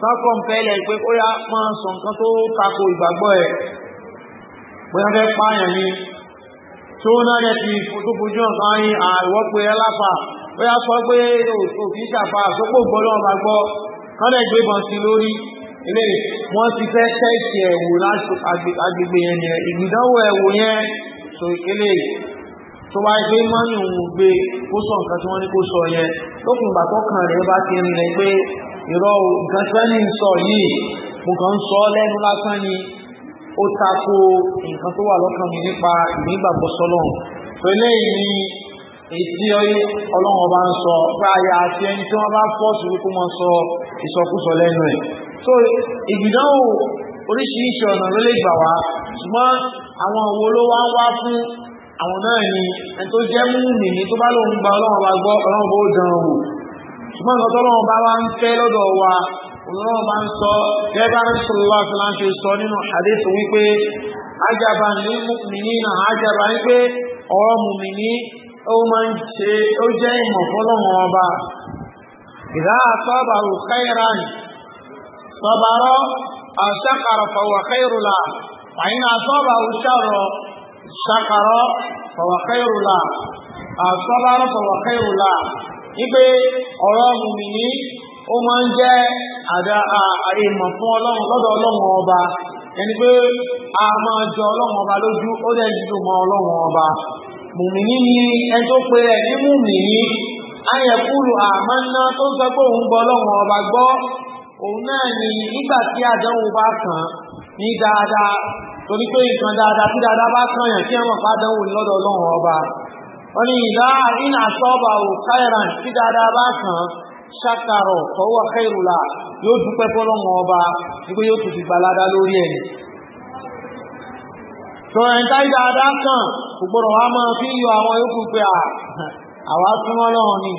sákọ̀ pẹ́lẹ̀ pé ó yá pọ́n sọ nǹkan tó tako ìgbàgbọ́ ẹ̀ pé wọ́n fẹ́ pààyàn ni tó náà rẹ̀ ti tó fojú hàn kan yin àìwọ́ pé ẹ lápá ó yá sọ pé òfin ṣàfà àsopọ̀ gbọ́ lọ́wọ́ bá kọ́lẹ̀ gbé bọ̀ sí lórí ilé wọ́n ti fẹ́ tẹ́ẹ̀tì ẹ̀wò láti agbègbè yẹn nìyẹn ìgbìdánwò ẹ̀wò yẹn so ilé tó bá gbé mọ́nì òun gbé kó sọ nǹkan tí wọ́n ní kó sọ yẹn lókùn ìgbà tọ́kàn rẹ̀ bá ti rìn pé ìrọ̀ nǹkan tí wọ́n sọ yìí mo kàn ń sọ ọ́ lẹ́nu lásán ni ó tako nǹkan tó wà lọ́kàn mi nípa ìgbàgbọ́ sọlọ́run so eléyìí ni èsì ọlọ́run ọba ń sọ pé àyà àti ẹni tí wọ́n bá fọ́ọ̀sì wípé wọ́n sọ ìsọkúsọ lẹ́nu ẹ̀ so ìgbìdánwò oríṣiríṣi ọ̀nà ló lè gbà wá ṣùgbọ́n àwọn wo ló wá ń wá fún àwọn náà ni ẹni tó jẹ́ múùmí ní tó bá lóun gba ọlọ́run bá gbọ́ ọlọ́run bó dán wò ṣùgbọ́n nǹkan tọ́lọ́run bá wá ń fẹ́ lọ́dọ̀ wa ọlọ́run bá ń sọ gẹ́gẹ́ bá sọ̀rọ̀ wá fi láǹṣe sọ nínú hadith wípé ajaba ní náà ajaba ní pé ọ̀rọ̀ múùmí ní ó máa ń ṣe ó jẹ́ ìmọ̀ fọ́lọ́run ọba ìdá àtọ́bà صبر أو شكر فهو خير له فإن أصابه الشر شكر فهو خير له أو صبر فهو خير له ipe ọ̀rọ̀ mùmìnì ó máa ń jẹ́ àdá ìmọ̀ fún ọlọ́run lọ́dọ̀ ọlọ́run ọba ẹni pé a máa jọ ọlọ́run ọba lójú ó dẹ̀ jù mọ́ ọlọ́run ọba mùmìnì ni ẹni tó pe rẹ̀ ní mùmìnì ayẹ̀kúlù tó ń sọ pé òun gbọ́ ọlọ́run ọba gbọ́ òun náà ni nígbà tí àdánwò bá kàn ní dáadáa torí pé nǹkan dáadáa tí dáadáa bá kàn yàn kí ẹ bá dánwò ọba wọ́n ní ìdá iná sọ́ọ̀bà ò tí dáadáa bá kàn ṣàkàrọ̀ yóò dúpẹ́ fọlọ́run ọba wípé yóò tún ti gbalada lórí ẹ̀ sọ̀rọ̀ ẹ̀ńtá dáadáa kàn wá máa fi yọ àwọn yòókù pé àwa súnmọ́ lọ́run ni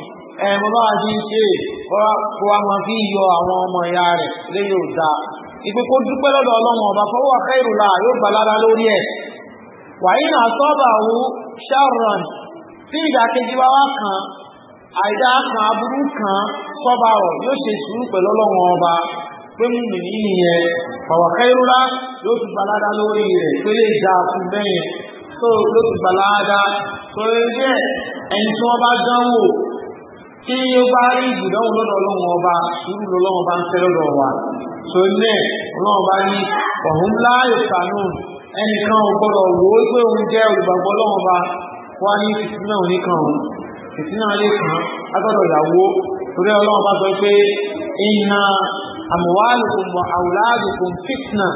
ẹ̀mọ́ bá a ti ń ṣe kó a máa fi yọ àwọn ọmọ ìyá rẹ̀ lé yóò da ìpè kó dúpẹ́ lọ́dọ̀ ọlọ́run ọba fọwọ́ akẹ́rù la yóò gbà lára lórí ẹ̀ wàyí náà sọ́ọ̀bà wo sharon tí ìdàkejì wa wá kan àìdá kan aburú kan sọ́ọ̀bà ọ̀ yóò ṣe sùúrù pẹ̀lú ọlọ́run ọba pé mú mi ní ìyẹn fọwọ́ akẹ́rù yóò tún gbà lára lórí rẹ̀ pé lè da fún bẹ́yẹn tó ló tún gbà lára tó lè tí ó bá rí ìbùdánwò lọ́dọ̀ ọlọ́run ọba irú lọ́lọ́run ọba ń fẹ́ lọ́dọ̀ wa tó lẹ̀ ọlọ́run ọba ní ọ̀hún láàyò kànú ẹnìkan ò gbọ́dọ̀ wò ó pé òun jẹ́ olùgbàgbọ́ ọlọ́run ọba wá ní fìtínà oníkan òun fìtínà lè kàn á gbọ́dọ̀ yàwó torí ọlọ́run ọba sọ pé iná àmúwálùkùn mọ̀ àwùládùkùn fìtínà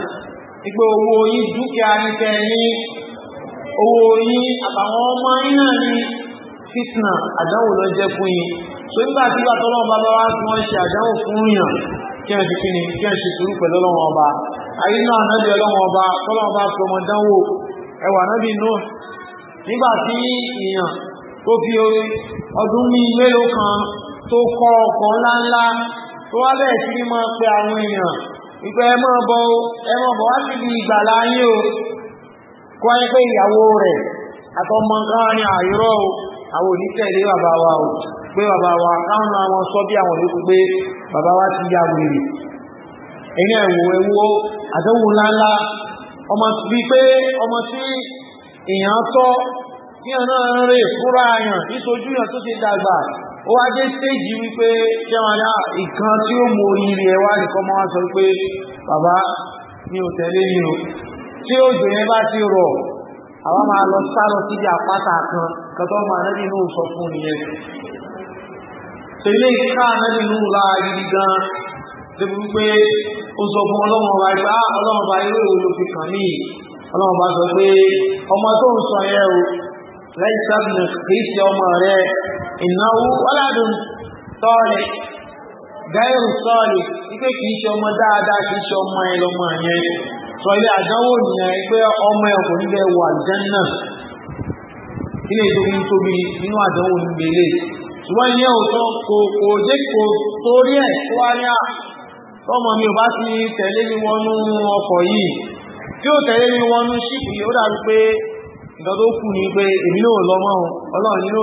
ìgbé owó yín dúkìá owó yín àbàwọn ní fitna àdánwò ló jẹ́ fún so nígbà tí ìgbà tí wọ́n ṣe àdánwò fún yàn kí ẹ̀ ti kíni kí ẹ̀ pẹ̀lú ọba ayé náà nábì ọlọ́wọ́ ọba tọ́lọ́wọ́ bá fi ọmọ dánwò ẹwà nábì nígbà tí kan tó kọ́ ọkọ̀ ńláńlá tó wá pe àwọn èèyàn ẹ bọ ẹ wá o pé ìyàwó rẹ̀ àtọmọ nǹkan àwọn onítẹ̀lé bàbá wa ò pé bàbá wa káwọn máa wọn sọ bí àwọn olókùn pé bàbá wa ti ya wèrè ẹni ẹ̀wò ẹwó àdánwò ńláńlá ọmọ bí pé ọmọ tí èèyàn tọ́ ní ọ̀nà rẹ̀ fúra àyàn nítojú yàn tó ti dàgbà ó wá dé stéèjì wípé jẹ́wàdá ìkan tí ó mú oríire ẹwà nìkan máa sọ pé bàbá mi ò tẹ̀lé ni o tí ó jò yẹn bá ti rọ̀ àwa máa lọ sá lọ síbi àpáta kan kátó máa nábì inú sọ fún nìyẹn tó ilé ìka nábì inú la gidi gan débi wípé ó sọ fún ọlọ́run ọba ìgbà ah, ọlọ́run ọba irú èrò ló fi kàn mí ọlọ́run sọ pé ọmọ tó ń sọ yẹn o lẹ́yìn sábìnà kìí ṣe ọmọ rẹ ìnáwó ọládùn sọ́ọ̀lì gáírù sọ́ọ̀lì wípé kìí ṣe ọmọ dáadáa kìí ṣe ọmọ ẹ lọmọ yẹn sọ ilé àdánwò nìyẹn pé ọmọ ẹ kò ní bẹ wà jẹ́ náà ilé ìdókòwò tóbi nínú àdánwò níbi ilé ṣùgbọ́n ìyẹn ò tán kò kò jẹ́ kò torí ẹ̀ kó wá ní à ah, tọ́mọ mi ò bá ti tẹ̀lé mi wọnú ọkọ̀ yìí tí ó tẹ̀lé mi wọnú ṣíkì ó dàbí pé nǹkan tó kù ní pé èmi náà lọ́mọ ọlọ́run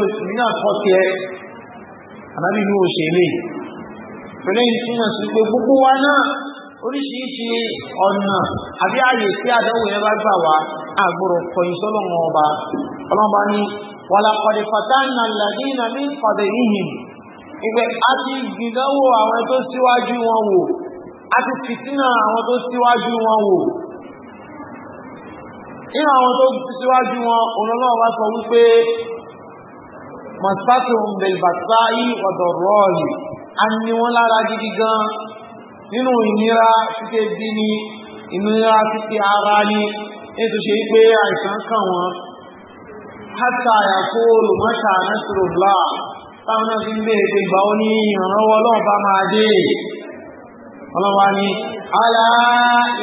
ẹ sí pé gbogbo wa náà oríṣiríṣi ọ̀nà àbí ààyè tí àdánwò yẹn bá gbà wá àgbòrò kọ̀yìn sọ́lọ́mọ ọba ọlọ́mọba ní wàlàkọ̀dé fàtánà làdínà ní kọ̀dé yìnyín ìgbẹ́ a ti gbìdánwò àwọn tó síwájú wọn wò a ti fìtínà àwọn tó síwájú wọn wò nínú àwọn tó síwájú wọn ọlọ́lọ́wọ́ bá sọ wípé mọ̀sípàtò bẹ̀rẹ̀ bàtà yìí ọ̀dọ̀ rọ́ọ̀lì a ní wọn lára gidi gan nínú ìnira títẹ́ bí ní ìnira títẹ́ ara ní ètò ṣe pé àìsàn kàn wọ́n hátà àyàkó olùmọ́ta nẹ́sìròlá táwọn náà fi ń bèèrè pé ìgbà ó ní ìrànlọ́wọ́ ọlọ́run bá máa dé ọlọ́wà ní alá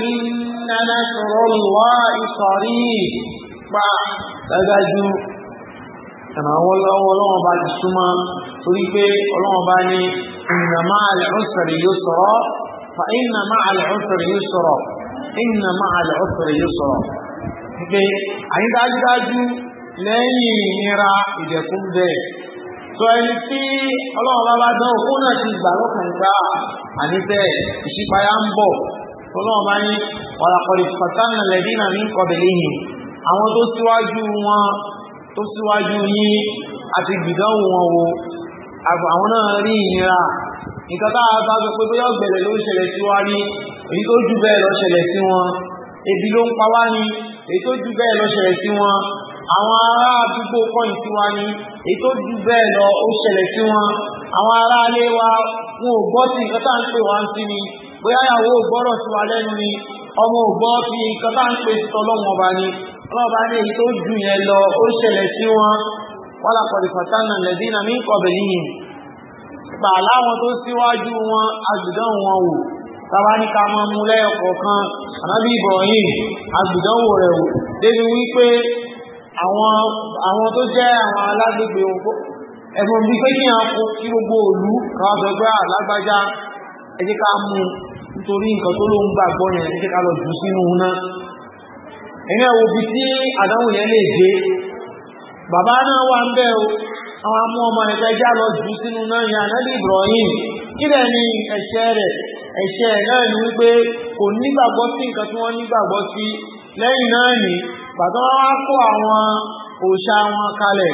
iná ìsọ̀rí pa dájájú ìrànlọ́wọ́ ọlọ́run ti súnmọ́ torí pé ọlọ́run ní ìrànlọ́wọ́ فإن مع العسر يسرا إن مع العسر يسرا pé àyídájúdájú lẹ́yìn ìnira ìdẹ̀kùn bẹ́ẹ̀ sọ ẹni náà ti gbà lọ́kàn gbá àníbẹ̀ ìṣípayá ń bọ̀ ọlọ́run bá ní ọ̀làkọ̀lì pàtàkì lẹ́dínà ní kọ̀bẹ̀lẹ́yìn àwọn tó wo nǹkan tá a bá sọ pé bóyá ọ̀gbẹ̀rẹ̀ ló ń ṣẹlẹ̀ sí wa ní èyí tó jù bẹ́ẹ̀ lọ ṣẹlẹ̀ sí wọn ebi ló ń pa wá ní èyí tó jù bẹ́ẹ̀ lọ ṣẹlẹ̀ sí wọn àwọn ará àdúgbò kọ́yìn sí wa ní èyí tó jù bẹ́ẹ̀ lọ ó ṣẹlẹ̀ sí wọn àwọn ará alé wa wọn ò gbọ́ sí nǹkan tá à ń pè wá ń sí ni bóyá ìyàwó ò gbọ́rọ̀ sí wa lẹ́nu ni ọmọ ò gbọ́ sí nǹkan tá à ń pè sí tọlọ́wọ́n ọba ni ọlọ́ọ̀bá gbà láwọn tó síwájú wọn agbìdán wọn wò tàbá ní ká mọ́ mú lẹ́ẹ̀kọ̀ọ̀kan ànábì Ibrahim agbìdán wò rẹ̀ wò débi wípé àwọn tó jẹ́ àwọn alágbègbè ẹ̀gbọ́n bí pé kí a kó kí gbogbo òlú káwọn sọ pé àlágbájá ẹ jẹ́ ká mú nítorí nǹkan tó ló ń gbàgbọ́ yẹn ẹ ká lọ jù sínú náà ẹ̀yìn ẹ̀wò bí tí àdáhùn yẹn lè dé bàbá náà wà ń bẹ́ o àwọn amú ọmọ rẹ̀ tẹ́já lọ jù sínú náà yà nẹ́bí Ibrahim kí lẹ̀ ní ẹ̀ṣẹ̀ rẹ̀ ẹ̀ṣẹ̀ náà ni wípé kò nígbàgbọ́ sí nǹkan tí wọ́n nígbàgbọ́ sí lẹ́yìn náà ni pàtó wá kó àwọn òòṣà wọn kalẹ̀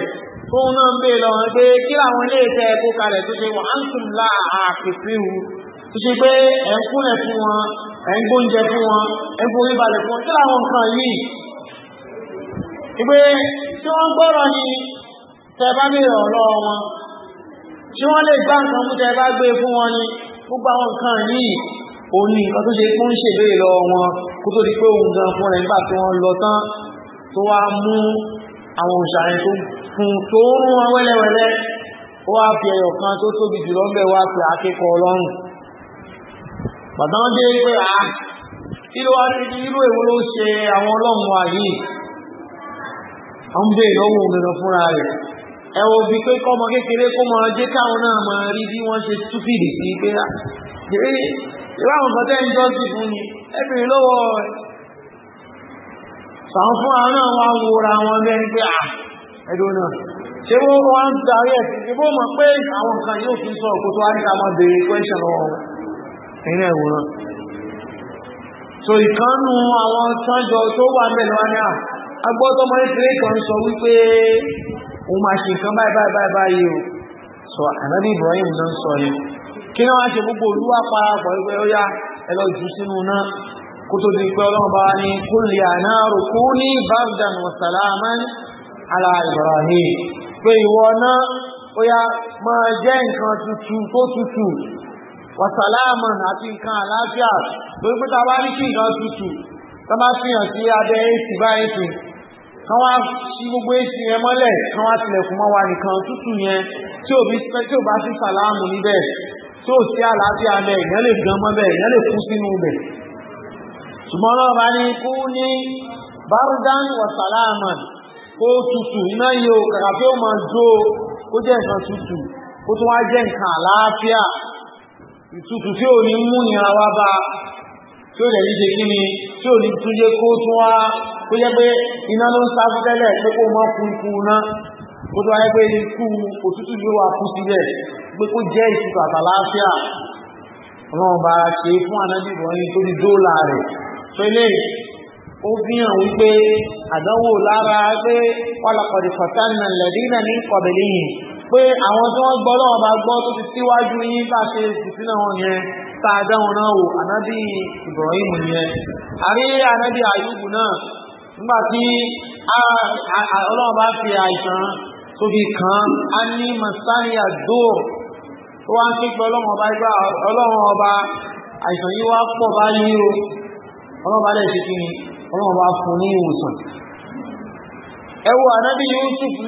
fóun náà ń bèèrè lọ́wọ́ pé kí làwọn ilé ìtẹ́ ẹ̀kọ́ kalẹ̀ tó ṣe wọ́n á ń sùn lá àpèsè wù tó ṣe pé ẹ̀ ń kúnlẹ̀ fún wọn ẹ̀ ń gbóúnjẹ fún wọn ẹ̀ ń forí balẹ̀ fún wọn kí làwọn nǹkan yìí ìgbé tí wọ́n gbọ́rọ̀ ni tẹ bá bèèrè ọ̀rọ̀ wọn tí wọ́n lè gbá nǹkan mú tẹ bá gbé fún wọn ni gbogbo àwọn nǹkan yìí ò ní nǹkan tó ṣe fún ṣèbéèrè lọ wọn kó tó di pé òun gan fún rẹ̀ nígbà tí wọ́n lọ tán tó wá mú àwọn òṣàrin tó fún tó rún wọn wẹ́lẹ́wẹ́lẹ́ ó wá fi ẹyọ kan tó tóbi jùlọ ń bẹ̀ wá fi akẹ́kọ̀ọ́ ọlọ́run bàbá wọn dé pé à irú àti irú èwo ló ṣe àwọn ọlọ́run wa yìí àwọn bèèrè lọ́wọ́ òun gangan fúnra rẹ̀ ẹ wo bí pé kọ́mọ kékeré kó mọ jẹ́ káwọn náà mọ rí bí wọ́n ṣe túfìdì sí pé ìwáwọn ah, kan tẹ́ ń jọ́ sí fún ni ẹbìnrin lọ́wọ́ rẹ̀ sàn fún àwọn náà wá wòra wọn bẹ́ẹ̀ pé à ah, ẹ̀dùn náà ṣé wọ́n wá ń darí ẹ̀ sí bó mọ̀ pé àwọn nǹkan yóò fi sọ òkú tó wá níta mọ́ béèrè kwẹ́ṣọ̀n lọ́wọ́ ẹ̀yìn náà so ìkànnù àwọn sánjọ tó wà mẹ́lẹ̀ wá ní à ah, òun máa ṣe nǹkan báyìí báyìí báyìí báyìí o sọ ànábì Ibrahim náà sọ ni kí ni wọ́n ṣe gbogbo olúwa parapọ̀ ẹgbẹ́ ó yá ẹ lọ jù sínú náà kó tó di pé ọlọ́run bá ní kó lè àná rògbò ní bardan wa salaman ala Ibrahim pé ìwọ náà ó yá máa jẹ́ nǹkan tuntun tó tutù wa salaman àti nǹkan àlàáfíà torí pé ta bá ní kí nǹkan tutù ta bá fi sí abẹ́ èsì báyìí kan wá sí gbogbo èsì yẹn mọ́lẹ̀ kan wá tilẹ̀kùn mọ́ wa nìkan tútù yẹn tí ò bí tí ò bá sí sàlámù níbẹ̀ tí ò sí àlàáfíà bẹ̀ èèyàn lè gan mọ́ bẹ̀ èèyàn lè kú sínú bẹ̀. ṣùgbọ́n náà bá ní kú ní barudan wa salaman kó tútù iná yìí o kàkà pé ó máa jó o kó jẹ́ nǹkan tútù kó tún wá jẹ́ nǹkan àlàáfíà ìtutù tí ò ní mú ìnira wá bá a tí ó lè ní ṣe kí ni tí ò ní tún yé kó tún wá tó jẹ́ pé iná ló ń sá fún tẹ́lẹ̀ pé kó mọ́ kú ikú náà ó tó wáyé pé ikú òtútù yóò wá kú síbẹ̀ pé kó jẹ́ ìtutù àtàláfíà ọlọ́run bá ṣe fún ànábì ìbọ̀nyí tó di dóòlà rẹ̀ pélé ó fi hàn wípé àdánwò lára pé wàlàkọ̀dì fọ̀tánà lẹ̀dínà ní kọ̀bẹ̀lẹ́yìn pé àwọn tí wọ́n gbọ́ lọ́wọ́ bá gbọ́ tó ti síwájú yín bá ṣe ìsìnkú náà yẹn tá a dáhùn náà wò a Ibrahim yẹn àrí ànábì ayubu náà nígbà tí ọlọ́run bá fi àìsàn tó fi á ní masaniya dóò ó wá ń ké pé ọlọ́run ọba ọlọ́run ọba àìsàn yìí wá pọ̀ ni ọlọ́run ọba fún Yusuf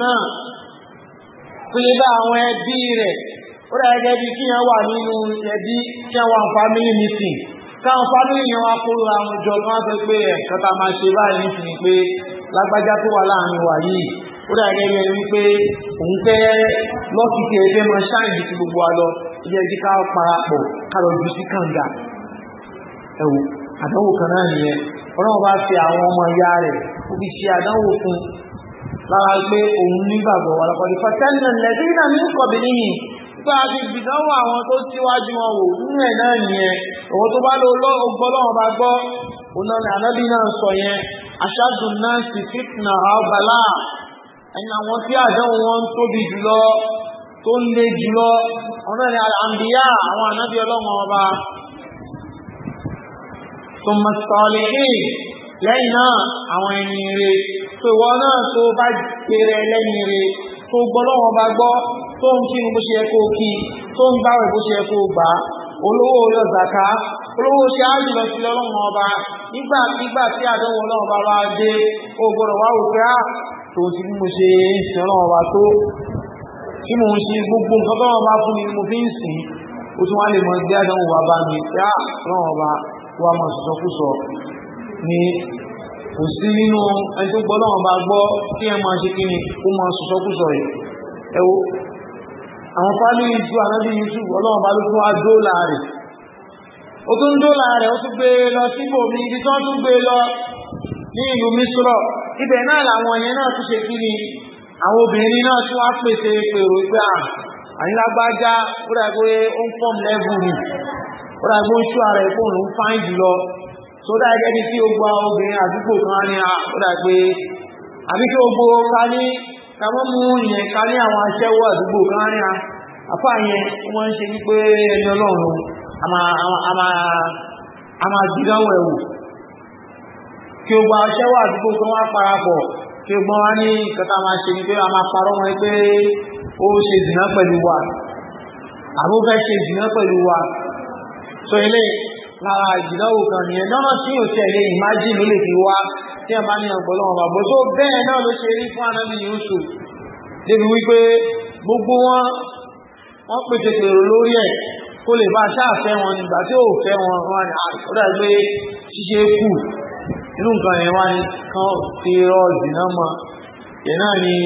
náà tó lè bá àwọn ẹbí ó rẹ̀ gẹ́gẹ́ bí kí yẹn wà nínú ẹbí kí yẹn wà family meeting káwọn family yẹn wá kó àwọn ìjọ tó wá sọ pé ẹ̀kan tá a máa ṣe báyìí nísìnyí pé lágbájá tó wà láàrin wa yìí ó rẹ̀ gẹ́gẹ́ bí pé òun fẹ́ lọ́kìkì ẹgbẹ́ máa ṣáàyè ti gbogbo wa lọ ilé ẹjí ká parapọ̀ ká lọ ju sí kànga ẹ̀wò àdánwò kan náà nìyẹn ọlọ́run bá fi àwọn ọmọ ìyá rẹ̀ ó ṣe àdánwò fún lára pé òun nígbàgbọ́ wà lọ́kọ̀ọ́ tá a ti gbìdánwò àwọn tó síwájú wọn wò nínú ẹ̀ náà nìyẹn òun tó bá lo ọgbọ́lọ́wọ́n bá gbọ́ òun náà ànábì náà sọ yẹn aṣáájú náà sì fitna ọ̀bàlá ẹ̀yìn àwọn tí àdánwò wọn tóbi jùlọ tó ń le jùlọ ọ̀nà ni àǹbíyá àwọn ànábì ọlọ́wọ́n ọba tó mọ̀ sọ̀lẹ̀ lẹ́yìn náà àwọn ẹni rẹ̀ tó ìwọ náà tó bá gbére lẹ́yìn rẹ̀ tó gbọ́ lọ́wọ́ bá gbọ́ tó ń kírun bó ṣe yẹ kó kí tó ń gbàwẹ̀ bó ṣe yẹ kó gbà olówó yọ zàká olówó ṣe á jùlọ sí ọlọ́run ọba nígbà nígbà tí àdánwò ọlọ́run ọba bá dé ó gbọ́dọ̀ wá wò pé á ah, tòun ti bí mo ṣe ń sin ọlọ́run ọba tó tí mo ń ṣe gbogbo nǹkan tó wọn bá fún mi ni mo fi ń sìn ó tún wá lè mọ bí àdánwò wa mi pé á ah, ọlọ́run ọba wa mọ̀ sọ́kúsọ ní kò sí nínú ẹni tó gbọ́ lọ́wọ́ bá gbọ́ kí ẹ máa ṣe kíni ó máa sọ̀sọ́kùsọ rẹ̀ ẹwọ́ àwọn fálí ìjú ànábì yusuf ọlọ́wọ́ bá ló fún wa dóòlà rẹ̀ ó tún dóòlà rẹ̀ ó tún gbé e lọ síbò mi ibi tí wọ́n tún gbé e lọ ní ìlú misrọ̀ ibẹ̀ náà làwọn yẹn náà tún ṣe kíni àwọn obìnrin náà tún wá pèsè pèrò pé à àyínlágbájá ó dàgbé ó ń fọ́m lẹ́bù ni ó dàgbé ó ń ṣú ara ẹ̀ fóònù ń fáìn jùlọ tó dájẹ́ ní tí ó gba obìnrin àdúgbò kan ní àkọ́dà ah, pé àbí kí ó gbó ká ní kàmọ́ mú ìyẹn ká ní àwọn aṣẹ́wó àdúgbò kan ní ah, àfà yẹn wọ́n ń ṣe wípé ẹni ọlọ́run a máa jìdánwò ẹ̀wò kí ó gba aṣẹ́wó àdúgbò kan wá parapọ̀ kí ó gbọ́n wá ní kẹta máa ṣe wípé a máa parọ́ wọn pé ó ṣe dìná pẹ̀lú wa àbúfẹ́ ṣe dìná pẹ̀lú wa so eléyìí lára ìdínáwó kan nìyẹn lọ́nà tí yóò tẹ̀lé ìmájì ló lè fi wá tí a bá ní ọ̀pọ̀lọpọ̀ ọ̀bà tó bẹ́ẹ̀ náà ló ṣe rí fún anábì Yusuf débi wípé gbogbo wọn wọ́n pètè pèrò lórí ẹ̀ kó lè bá ṣáà fẹ́ wọn nígbà tí ò fẹ́ wọn wọn ni ah, ó dà pé ṣíṣe kù inú nǹkan yẹn wá ní kan ti rọ dìná mọ yẹn náà ni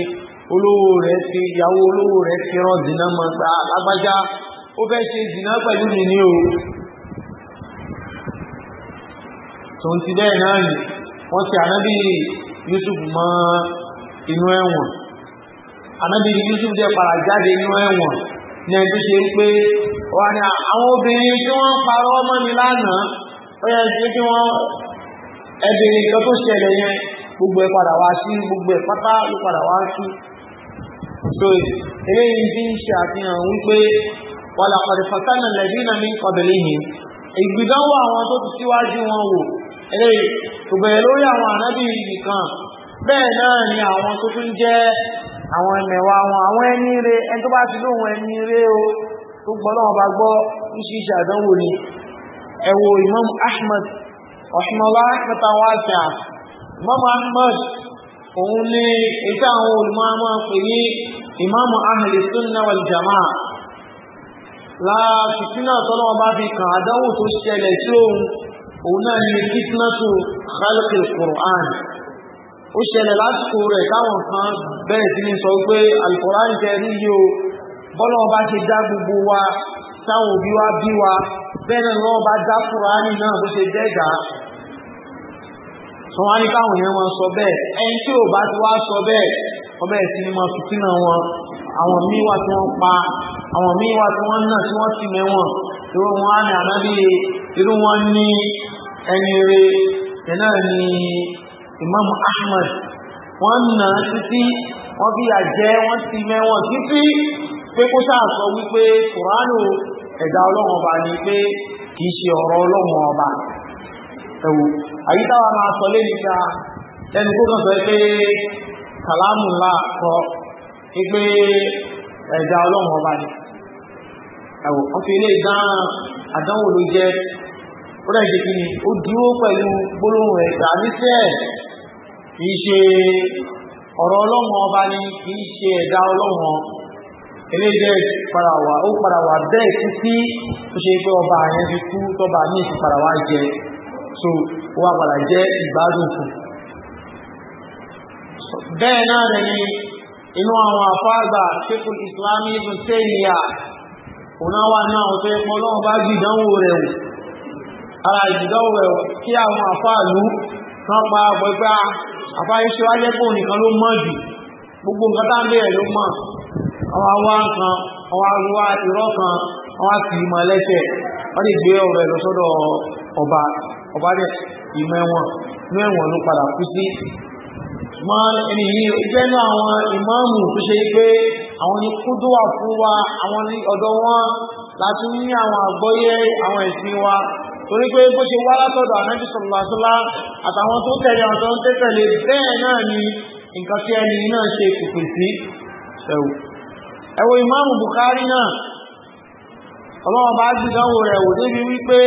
olówó rẹ̀ ti ìyàwó olówó rẹ̀ ti rọ dìná mọ gbà ah, lágbájá ó fẹ́ ṣe dìná pẹ̀lú mi ní o tòun ti bẹ́ẹ̀ náà yìí wọ́n ti ànábí Yusuf mọ́ inú ẹ̀wọ̀n ànábì Yusuf jẹ́ para jáde inú ẹ̀wọ̀n ní ẹni ṣe ń pé wà ní àwọn obìnrin tí wọ́n ń parọ́ ọmọ mi lánàá ó yẹ kí kí wọ́n tó ṣẹlẹ̀ yẹn gbogbo ẹ̀ padà wá sí gbogbo ẹ̀ pátá ló padà wá sí so eléyìí ti ń ṣe àfihàn wípé eléyìí kò bẹ̀rẹ̀ lórí àwọn ànábì nìkan bẹ́ẹ̀ náà ni àwọn tó tún jẹ́ àwọn ẹ̀mẹ̀wà wọn àwọn ẹni rẹ̀ ẹni tó bá ti lóhun ẹni rẹ̀ o tó gbọ́ náà bá gbọ́ iṣẹ́ iṣẹ́ àdánwò ni ẹ wo Imam Ahmad ọ̀ṣunmọ́lá mẹ́ta wá sí à Imam Ahmad òun ni ètò àwọn olùmọ́ọ́mọ́ pè ní Imam Ahli Sunnah wal Jamaa láàfin náà tọ́lọ́wọ́ bá fi kàn àdánwò tó ṣẹlẹ̀ sí òun òun náà ni fitnatu khalqi al-Qur'an ó ṣẹlẹ̀ lásìkò rẹ̀ táwọn kan bẹ̀rẹ̀ sí ní sọ pé al-Qur'an tẹ rí yìí o bọ́lá ọba ṣe dá gbogbo wa táwọn òbí wa bí wa bẹ́ẹ̀ náà lọ́wọ́ bá dá Qur'an náà bó ṣe dẹ́gà sọ wá ní káwọn èèyàn wọn sọ bẹ́ẹ̀ ẹni tí ò bá ti wá sọ bẹ́ẹ̀ ọbẹ̀ sí ni wọn fìtínà wọn àwọn míì wà tí wọ́n pa àwọn míì wà tí wọ́n nà tí wọ́n ti mẹ́wọ̀n tí ó wọ́n á ní ànábí irú wọn ní ẹni rẹ̀ tẹ̀lá ní Imam Ahmad wọ́n nà títí wọ́n bí àjẹ́ wọ́n ti mẹ́wọ̀n títí pé kó sáàsọ wípé kùránù ẹ̀dà ọlọ́run ọba ni pé kìí ṣe ọ̀rọ̀ ọlọ́run ọba ẹ̀wò àyíkáwà máa sọ lé níta ẹni tó kàn sọ pé kàlámù ńlá kọ wípé ẹ̀dà ọlọ́run ọba ni ẹ̀wọ̀n ó fi ilé gan àdánwò ló ó ni ó dúró pẹ̀lú gbólóhùn ẹ̀ta níṣẹ́ kì í ṣe ọ̀rọ̀ ọlọ́run ọba ni kì í ṣe ẹ̀dá ọlọ́run eléjẹ́ padà wà ó padà wà títí ṣe pé ọba fi kú so ó wá padà ìgbádùn fún náà ni inú àwọn Islam òun wá náà wọ́n tó yẹ pọ́ lọ́wọ́ bá gbìdánwò rẹ̀ wò ara ìgbìdánwò rẹ̀ wò kí àwọn àfáàlú kan pa pẹ́pẹ́ ah, àfáà iṣẹ́ wáyé pò nìkan ló mọ̀ jù gbogbo nǹkan tá ń bẹ̀rẹ̀ ló mọ̀ àwọn awá kan àwọn arúwá irọ́ ẹ̀ ló padà àwọn ni kúdó wà fún wa àwọn ní ọ̀dọ̀ wọn láti ní àwọn àgbọ́yé àwọn ẹ̀sìn wa torí pé bó ṣe wá látọ̀dọ̀ ànábì sọ̀rọ̀lásọ́lá àtàwọn tó tẹ̀lé àwọn tó ń tẹ̀lé bẹ́ẹ̀ náà ni nǹkan tí ẹni náà ṣe kùkùn sí ẹ̀wù ẹ̀wù ìmáàmù Bukhari náà ọlọ́wọ́n bá gbìdánwò rẹ̀ wò débi wípé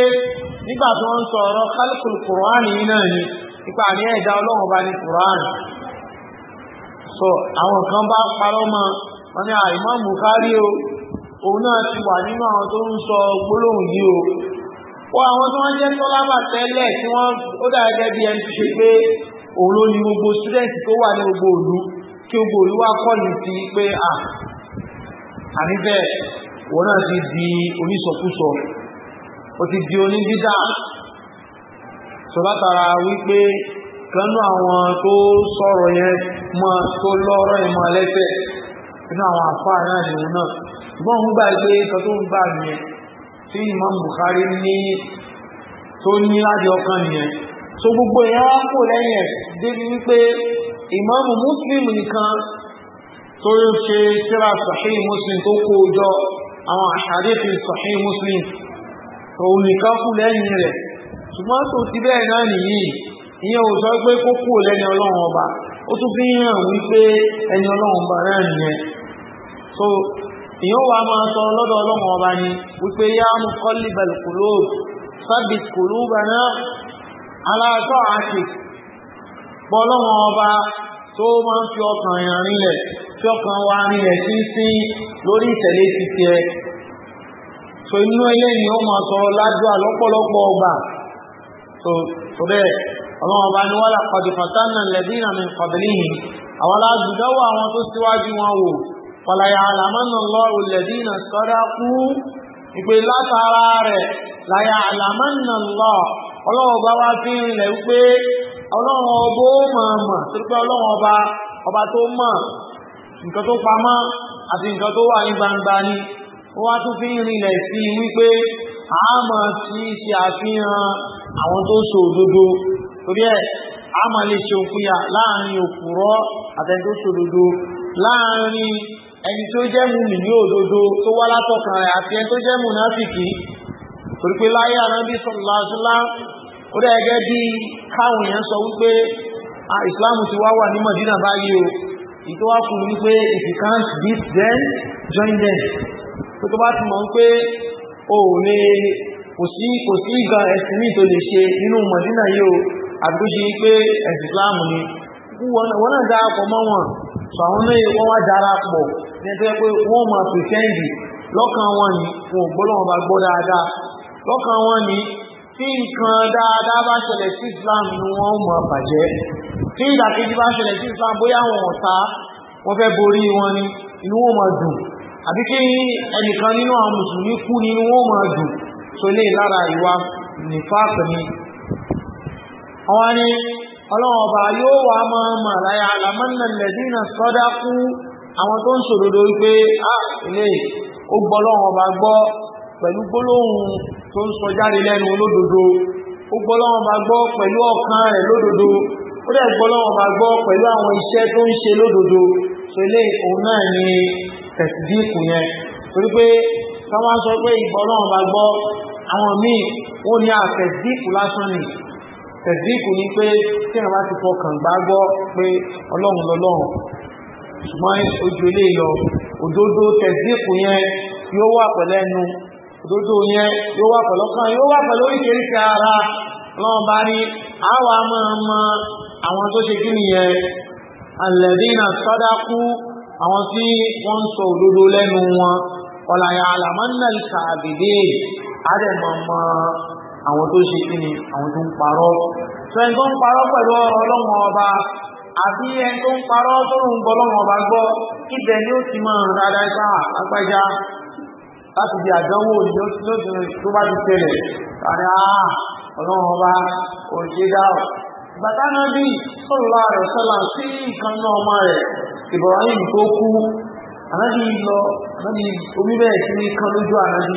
nígbà tó ń sọ ọ̀rọ̀ kálíkùlù kùránì náà ni ipa àní ẹ̀dá ọlọ́wọ́n bá ní kùránì so àwọn kan bá parọ́ mọ́ wọ́n ní àìmọ́ ah, Bukhari o òun náà ti wà nínú àwọn tó ń sọ gbólóhùn yìí o wọ́n àwọn tó wọ́n jẹ́ tọ́lábà tẹ́lẹ̀ tí wọ́n ó dà gẹ́gẹ́ bí ẹni ṣe pé òun ló ní gbogbo sídẹ̀ǹtì tó wà ní gbogbo òlu kí gbogbo òlu wá kọ́yìn sí pé à ah, àníbẹ̀ òun náà ti di onísọkúsọ ó ti di onídídá sọ wípé kanú àwọn tó sọ̀rọ̀ yẹn mọ́ tó lọ́rọ̀ yẹn lẹ́sẹ̀ inú àwọn àfá náà ni òun náà ṣùgbọ́n òun gbà pé ìtọ́ tó ń gbà nìyẹn tí Imam Bukhari ní tó ní láti ọkàn nìyẹn so gbogbo ẹ̀yà wá kò lẹ́yìn ẹ̀ débi wípé Imam Muslim nìkan tó ń ṣe síra Sahih Muslim tó kó jọ àwọn àṣàdéfì Sahih Muslim òun nìkan kú lẹ́yìn rẹ̀ ṣùgbọ́n tó ti bẹ́ẹ̀ náà nìyí ìyẹn ò sọ pé kó kú lẹ́ni ọlọ́run ọba ó tún fi hàn wípé ẹni ọlọ́run ọba náà nìyẹn so ìyẹn wà máa sọ lọ́dọ̀ ọlọ́run ọba ni wípé yá mú kọ́lí bẹ̀lùkúló sábì kùlú gbaná aláàtọ̀ àti pọ̀ ọlọ́run ọba tó máa ń fi ọkàn yàn rinlẹ̀ fi ọkàn wa rinlẹ̀ sínsín lórí ìtẹ̀lé ti tiẹ̀ so inú eléyìí ó máa sọ ládùá lọ́pọ̀lọpọ̀ ọgbà so bẹ́ẹ̀ ọlọ́run ọba ni wọ́n là kọ̀dùkọ̀tánà lẹ́dínà mi kọ̀dùlíhìn àwọn aláàdùdáwọ̀ àwọn tó síwájú wọn wò wàlàyé àlàmánà lọ́rù lẹ́dínà sọ́dákú ìpè látara rẹ̀ láyé àlàmánà lọ ọlọ́wọ́ bá wá fi ilẹ̀ wípé ọlọ́wọ́ ọba ó mọ̀ mọ̀ tó pé ọlọ́wọ́ ọba ọba tó mọ̀ nǹkan tó pamọ́ àti nǹkan tó wà ní gbangba ni ó wá tún fi rinlẹ̀ sí i wípé àmọ́ sí ti àfihàn àwọn tó sọ òdodo torí ẹ̀ àmọ́ lè ṣe òkúya láàrin òkúrọ́ àtẹni tó sọ òdodo láàrin ẹni tó jẹ́ mú mi ní òdodo tó wá látọkàn rẹ̀ àti ẹni tó jẹ́ mú náfìkì torí pé láyé anábì sallallahu alaihi wasallam ó dẹ́ gẹ́gẹ́ bí káwọn èèyàn sọ wípé ah, ìsìláàmù ti wá wà ní Madina báyìí o ìtọ́wá kù ní pé if you can't beat them join them tó tó bá ti mọ̀ ń pé o lè kò sí kò sí ìgbà ẹ̀sìn ní tó lè ṣe nínú Madina yìí o àbúkú ṣe pé ẹ̀sìn Islam ni wọ́n náà dáàpọ̀ mọ́ wọn sọ àwọn mẹ́rin wọ́n wá dára pọ̀ ní ẹgbẹ́ pé wọ́n máa pìtẹ́ǹdì lọ́kàn wọn ni wọn ò gbọ́dọ̀ wọn bá gbọ́ dáadáa lọ́kàn wọn ni tí nǹkan dáadáa bá ṣẹlẹ̀ sí Islam ni wọ́n máa bàjẹ́ tí ìdàkejì bá ṣẹlẹ̀ sí Islam bóyá wọn ọ̀tá wọ́n fẹ́ borí wọn ni inú wọn máa dùn àbí kí ẹnìkan nínú àwọn mùsùlùmí kú ni inú wọn máa dùn so ilé ìlara ìwà nìfàkì ni. àwọn ni ọlọ́run ọba yóò wá máa mà láyà àlàmánà lẹ́dínà sọ́dá kú àwọn tó ń sòdodo wípé a ilé ó gbọ́ ọlọ́run ọba gbọ́ pẹ̀lú gbólóhùn tó ń sọ jáde lẹ́nu olódodo ó gbọ́ ọlọ́run ọba gbọ́ pẹ̀lú ọkàn rẹ̀ lódodo ó dẹ̀ gbọ́ ọlọ́run ọba gbọ́ pẹ̀lú àwọn iṣẹ́ tó ń ṣe lódodo so ilé òun náà ni tẹ̀sídìkù yẹn torí pé káwọn sọ pé ìgbọ́ ọlọ́run ọba gbọ́ àwọn míì wọ́n ní àtẹ̀sídìkù lásán nìyí tẹ̀síkù ní pé tí àwọn ti fọkàn gbàgbọ́ pé ọlọ́run lọ́lọ́run ṣùgbọ́n ojú ilé lọ òdodo tẹ̀síkù yẹn yóò wà pẹ̀lẹ́nu òdodo yẹn yóò wà pẹ̀lọ́kàn yóò wà pẹ̀lú oríkèríkè ara ọlọ́run bá ní àwa máa mọ àwọn tó ṣe kí nìyẹn alladina sadaku àwọn tí wọ́n ń sọ òdodo lẹ́nu wọn ọ̀làyà àlàmọ́nà kàbìdé àwọn tó ṣe kí ni àwọn tó ń parọ́ tó ẹni tó ń parọ́ pẹ̀lú ọ̀rọ̀ ọlọ́run ọba àbí ẹni tó ń parọ́ tó ń gbọ́ ọlọ́run ọba gbọ́ ibẹ̀ ni ó ti máa rárá ipá agbájá láti di àdánwò tó bá ti tẹ̀lẹ̀ tàbí ọlọ́run ọba ò ṣe dá bàtánà bí sọ́lá rẹ̀ sọ́lá sí ìkan náà ọmọ rẹ̀ Ibrahim tó kú ànábì lọ ànábì omi bẹ́ẹ̀ sí kan lójú ànábì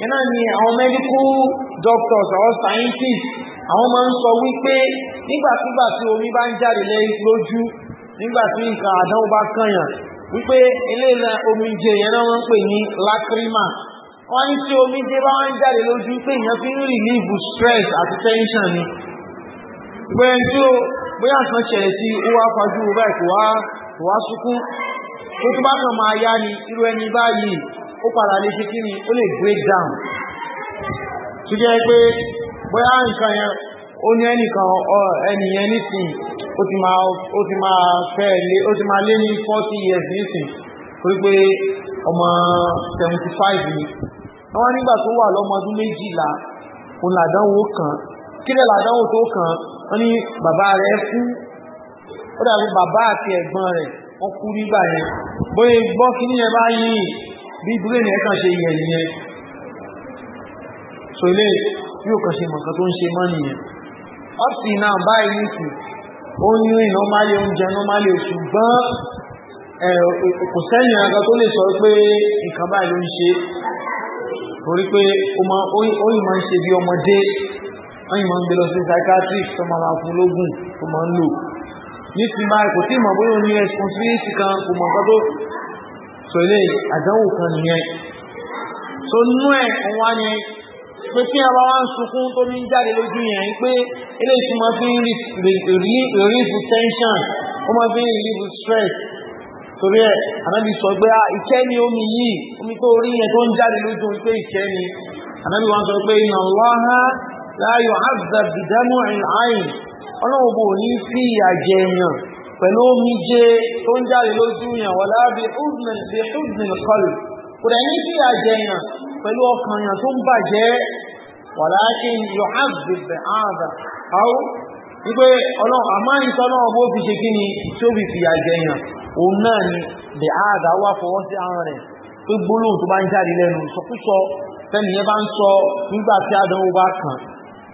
iná ni àwọn medical doctors àwọn scientists àwọn máa ń sọ wípé nígbàkúgbà tí omi bá ń jáde lójú nígbà tí nǹkan àdánwò bá kànyàn wípé eléyìí omijé yẹn náà wọ́n ń pè ní lacrima wọ́n ní tí omijé bá wọ́n ń jáde lójú pé èèyàn fi ń relieve stress àti tension ni pé tí ó bóyá nǹkan ṣẹlẹ̀ sí ó wá fajú báyìí kò wá sunkún tó tó bá kàn máa yá ni irú ẹni báyìí ó padà lè ṣe kí ni ó lè break down tó jẹ́ pé bóyá nǹkan yẹn ó ní ẹnìkan ẹnìyẹn nísìn ó ti máa ó ti máa fẹ́ lé ó ti máa lé ní forty years nísìn torí pé ọmọ seventy five ni wọ́n nígbà tó wà lọ́mọdún méjìlá òun làdánwò kan kílẹ̀ làdánwò tó kàn án ní bàbá rẹ̀ kú ó dàbí bàbá àti ẹ̀gbọ́n rẹ̀ wọ́n kú nígbà yẹn bóyá gbọ́ kí ní ẹ bá yìí bí búrẹ́nì ẹ̀kà ṣe yẹ na so ilé yóò kàn ṣe mọ̀kan tó ń ṣe mọ́ nìyẹn ọ́pì náà báyìí nìkì ó ní ìná oúnjẹ náà ṣùgbọ́n kò sẹ́yìn àga tó lè sọ pé nǹkan báyìí ló ń ṣe torí pé ó yìí máa ń ṣe bí ọmọdé wọ́n yìí máa ń gbé lọ sí psychiatric tó máa máa fún lógún tó máa ń lò ní ti máa kò tí sọ ilé àdánwò kan nìyẹn tó nú ẹ̀ ń wá pé kí ọba wá ń sunkún tó ní jáde lójú yẹn pé fi ń tension wọ́n máa fi ń stress torí ẹ̀ ànábì ah, ìkẹ́ ni omi yìí omi tó rí yẹn tó ń jáde lójú pé ìkẹ́ ni ànábì wọn sọ pé inna Allaha la yu'azzab bò ní pẹ̀lú omijé tó ń jáde lójú yàn wà láàbí hudnil kọlù kò rẹ̀ ní sí àjẹyàn pẹ̀lú ọkàn yàn tó ń bàjẹ́ wà láàkín yóò hàbìbẹ̀ ààbà áwú wípé àmáyìntọ́ náà bó fi ṣe kíni tí ó fi fi àjẹyàn òun náà ni bẹ̀ ààbà wà fọwọ́ sí àwọn rẹ̀ pé gbólóhùn tó bá ń jáde lẹ́nu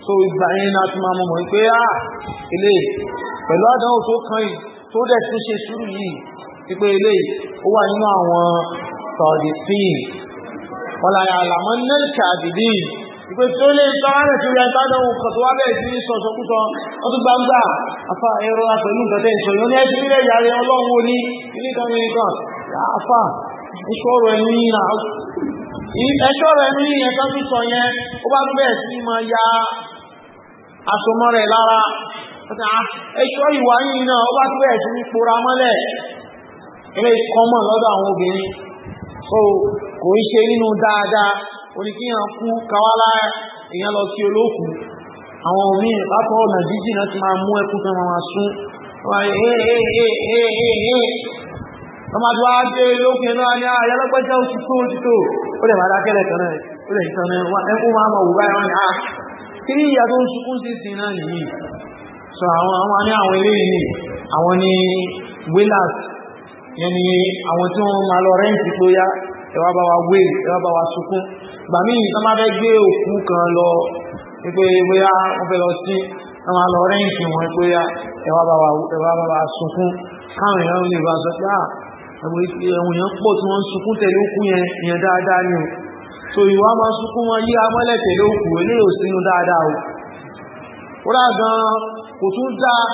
so ìgbà yẹn náà tún máa mọ̀ pé ah ilé pẹ̀lú àdánwò tó kàn yìí tó dẹ̀ tún ṣe sùúrù yìí wípé ilé ó wà nínú àwọn sọ̀dì sí i ọ̀làyà àlàmọ́ nẹ́ẹ̀kì àdìdì ìpè tó lè tọ́wá rẹ̀ sí rẹ̀ tádọ̀ ohun kan tó wá bẹ̀rẹ̀ sí sọ̀sọ̀kúsọ ó tún gbangba afá ẹ̀rọ àpẹ̀lú nǹkan tẹ́ ìṣòro ní ẹ̀sìn ilẹ̀ ìyàrá ọlọ́run ó ẹ̀ṣọ́ ìwà yìí náà ó bá tó bẹ̀rẹ̀ sí ní pora mọ́lẹ̀ ilé kọmọ̀ lọ́dọ̀ àwọn obìnrin so kò ń ṣe nínú dáadáa oníkíyàn kú kawálá èèyàn lọ sí olóòkú àwọn òmìn látọ̀ ọ̀nà jíjì náà ti máa mú ẹkú kan máa sún ọmọdé wa dé lókè náà ní ayálọ́gbẹ́jẹ́ ah, òtítọ́ òtítọ́ ó lè máa dákẹ́lẹ̀ kan náà ó lè ìtàn náà ẹkú máa mọ̀ wù báyìí wọn ni a ah, kí ni ìyà tó ń sunkún sí sí náà nìyí so àwọn àwọn ní àwọn ilé yìí àwọn ní wheelers yẹn àwọn tí wọ́n máa lọ rẹ́ǹtì tó yá ẹwà bá wa wé ẹwà bá wa sunkún gbà mí ìtàn máa fẹ́ gbé òkú kan lọ wípé bóyá wọ́n fẹ́ lọ sí ẹwà lọ rẹ́ǹtì wọn tó yá ẹwà bá wa sunkún káwọn èèyàn lè bá sọ pé ẹ̀wọ̀n ah, èèyàn pọ̀ tí wọ́n sunkún tẹ̀lé òkú yẹn ìyẹn dáadáa ni o so ìwà máa sunkún wọn yí amọ́lẹ̀ tẹ̀lé òkú eléyòsínú dáadáa o ó gan-an kò tún dáa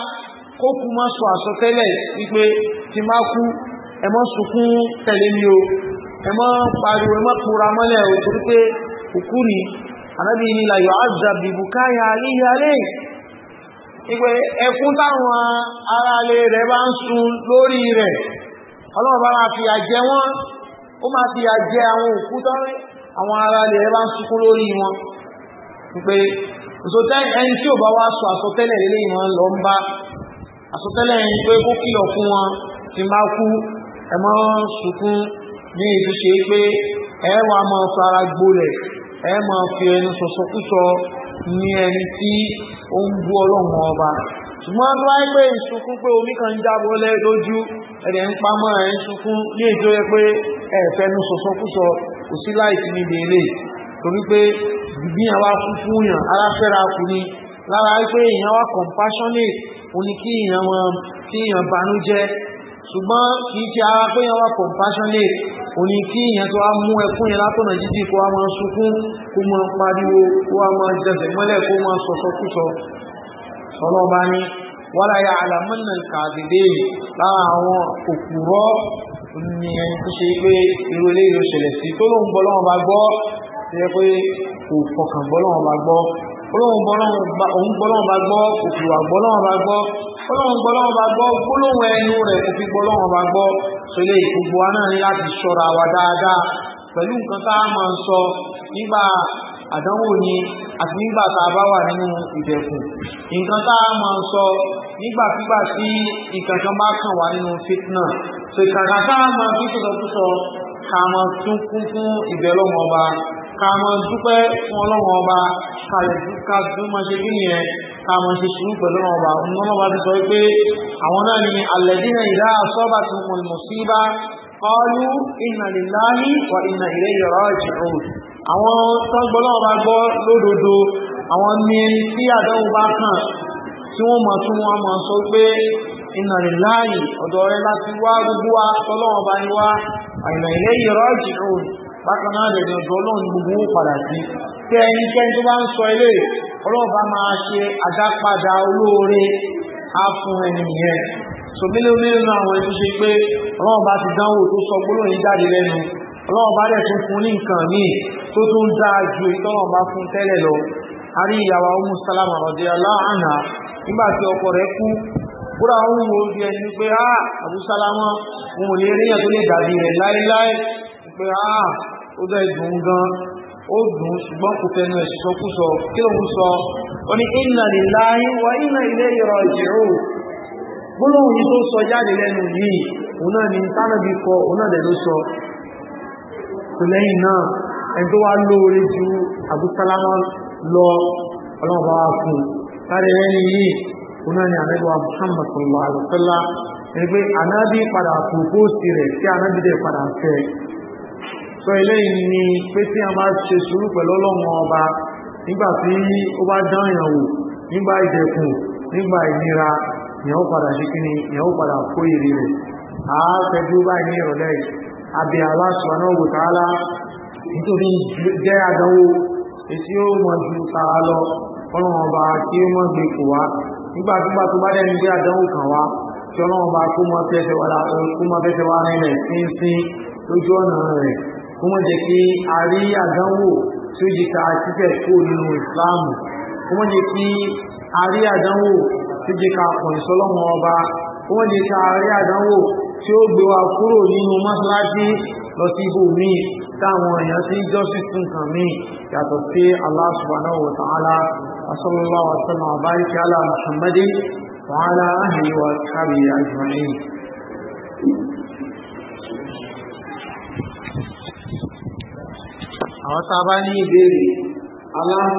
kó kú mọ́ sọ àsọtẹ́lẹ̀ wípé tí má kú ẹ má sunkún tẹ̀lé mi o ẹ pariwo ẹ má mọ́lẹ̀ o torí pé òkú ni ànábì ní la yọ àjà bìbù káyà àríyá rẹ̀ wípé ẹkún táwọn aráalé rẹ̀ bá ń sun lórí rẹ̀ ọlọ́run bá máa fi àjẹ wọn wípé ẹni tí ò bá wá sọ àsọtẹ́lẹ̀ lélẹ́ ìwọ̀n lọ ń bá àsọtẹ́lẹ̀ yìí pé kó kìlọ̀ fún wọn ti máa kú ẹmọ́ sùkún ní ìtúṣe pé ẹ wà máa sọ ara gbolẹ̀ ẹ máa fi ẹnu sọ̀sọ̀kúsọ ní ẹni tí ó ń bú ọlọ́run ọba ṣùgbọ́n tó wáyé pé ìṣùkún pé omi kan jábọ́ lẹ́ lójú ń pamọ́ ẹ̀ ń ṣùkún ní ètò ẹ pé ẹ̀fẹ́nu sọ̀sọ̀kúsọ kò sí láìsí níbi ilé torí pé gbígbíyàn wá kú yàn ara kù ni lára wípé èèyàn wá compassionate òní kí èèyàn wọn kí èèyàn banújẹ́ ṣùgbọ́n kì í ṣe ara pé èèyàn wá compassionate òní kí èèyàn tó wá mú ẹkún yẹn látọ̀nà jíjì kó wá máa sunkún kó máa pariwo kó wá máa jẹsẹ̀ mọ́lẹ̀ kó máa sọ̀sọ̀kúsọ ọlọ́ba ni wala ya'lamanna al-kadhibin lára àwọn òkúrọ́ ní ẹni tó ṣe pé irú eléyìí ló ṣẹlẹ̀ sí tó lóun bọ́ lọ́wọ́ bá gbọ́ tó yẹ pé kò fọkàn bọ́ lọ́wọ́ bá gbọ́ olóhùn gbọ́ lọ́wọ́ bá gbọ́ kò fi wà gbọ́ lọ́wọ́ bá gbọ́ olóhùn gbọ́ lọ́wọ́ bá gbọ́ gbólóhùn ẹnu rẹ̀ kò fi gbọ́ lọ́wọ́ bá gbọ́ sọlé gbogbo wa náà ní láti ṣọ́ra wa dáadáa pẹ̀lú nǹkan tá a máa ń sọ nígbà àdánwò ni àti nígbà tá a bá wà nínú ìdẹ̀kùn nǹkan tá a máa ń sọ nígbàkígbà tí ìkankan bá kàn wá nínú fitna so ìkàkà tá a máa fi sọ̀tọ̀ ká máa tún kún fún ìbẹ̀lọ́mọba ká mọ dúpẹ́ fún ọlọ́wọ́n ọba kalẹ̀ ká tún mọ ṣe kíni ẹ ká mọ ṣe sùúrù pẹ̀lú ọlọ́wọ́n ọba ọmọ ọba ti sọ pé àwọn náà ni alẹ́dínà ìdá asọ́ba ti mọ ìmọ̀síbá qalu inna lillahi wa inna ilayhi raji'un àwọn tọ́gbọ́ ọlọ́wọ́n ọba gbọ́ lódodo àwọn ní tí àdánwò bá kàn tí wọ́n mọ̀ tún wọn mọ̀ sọ pé inna lillahi ọ̀dọ̀ rẹ láti wá gbogbo wa tọ́lọ́wọ́n ọba ni wá wa inna ilayhi raji'un bákan náà lè dọ̀dọ̀ ọlọ́run gbogbo ó padà sí kí ẹnikẹ́ni tó bá ń sọ ilé ọlọ́ọ̀bá máa ṣe àdápadà olóore á fún ẹni yẹn so mélòó mélòó náà àwọn ètò ṣe pé ọlọ́ọ̀bá ti dánwò tó sọ gbólóyìn jáde lẹ́nu ọlọ́ọ̀bá dẹ̀ tún fún ní nǹkan míì tó tún dáa ju ìtọ́lọ́ọ̀bá fún tẹ́lẹ̀ lọ a rí ìyàwó ọmú sálámà ọ̀dẹ́ aláàánà nígbà tí ọkọ rẹ̀ kú búra òun wo di ẹni pé á ah, àbúsálámà òun ò lè ríyàn tó lè dàbí rẹ̀ láéláé pé á ah, ó dẹ́ dùn gan ó dùn ṣùgbọ́n kò fẹ́nu ẹ̀ sọkúsọ kí lóun sọ ó ní inna lillahi wa inna ilayhi raji'un yìí tó sọ jáde lẹ́nu yìí òun náà ni tánàbí kọ òun náà dẹ̀ ló sọ kò lẹ́yìn náà ẹni tó wá lóore ju àbúsálámọ́ lọ ọlọ́ọ̀bá wa fún sáré yìí òun náà ni Muhammad sallallahu alaihi ẹgbẹ́ anábì padà kò sọ eléyìí ni pé tí a máa ṣe sùúrù pẹ̀lú ọlọ́run ọba nígbà tí ó bá dán èèyàn nígbà ìdẹ̀kùn nígbà ìnira èèyàn padà ṣe kíni èèyàn ó padà kó èrè rẹ̀ a báyìí ní ìrọ̀lẹ́ nítorí jẹ́ àdánwò ju lọ ọrụ ọba kí ó mọ̀ gbé kò wá kó mọ́ jẹ́ kí a rí àdánwò tí ó jẹ́ ká títẹ̀ kó nínú ìsìláàmù kó mọ́ jẹ́ kí a rí àdánwò tí ó jẹ́ ká pọ̀ ìsọlọ́mọ ọba kó mọ́ jẹ́ ká rí àdánwò tí ó gbé wa kúrò nínú mọ́sálásí lọ sí ibò míì táwọn èèyàn tí jọ́sìn fún kan míì yàtọ̀ sí Allah subhanahu wa ta'ala sallallahu àwọn tá a ní ìbéèrè aláǹfà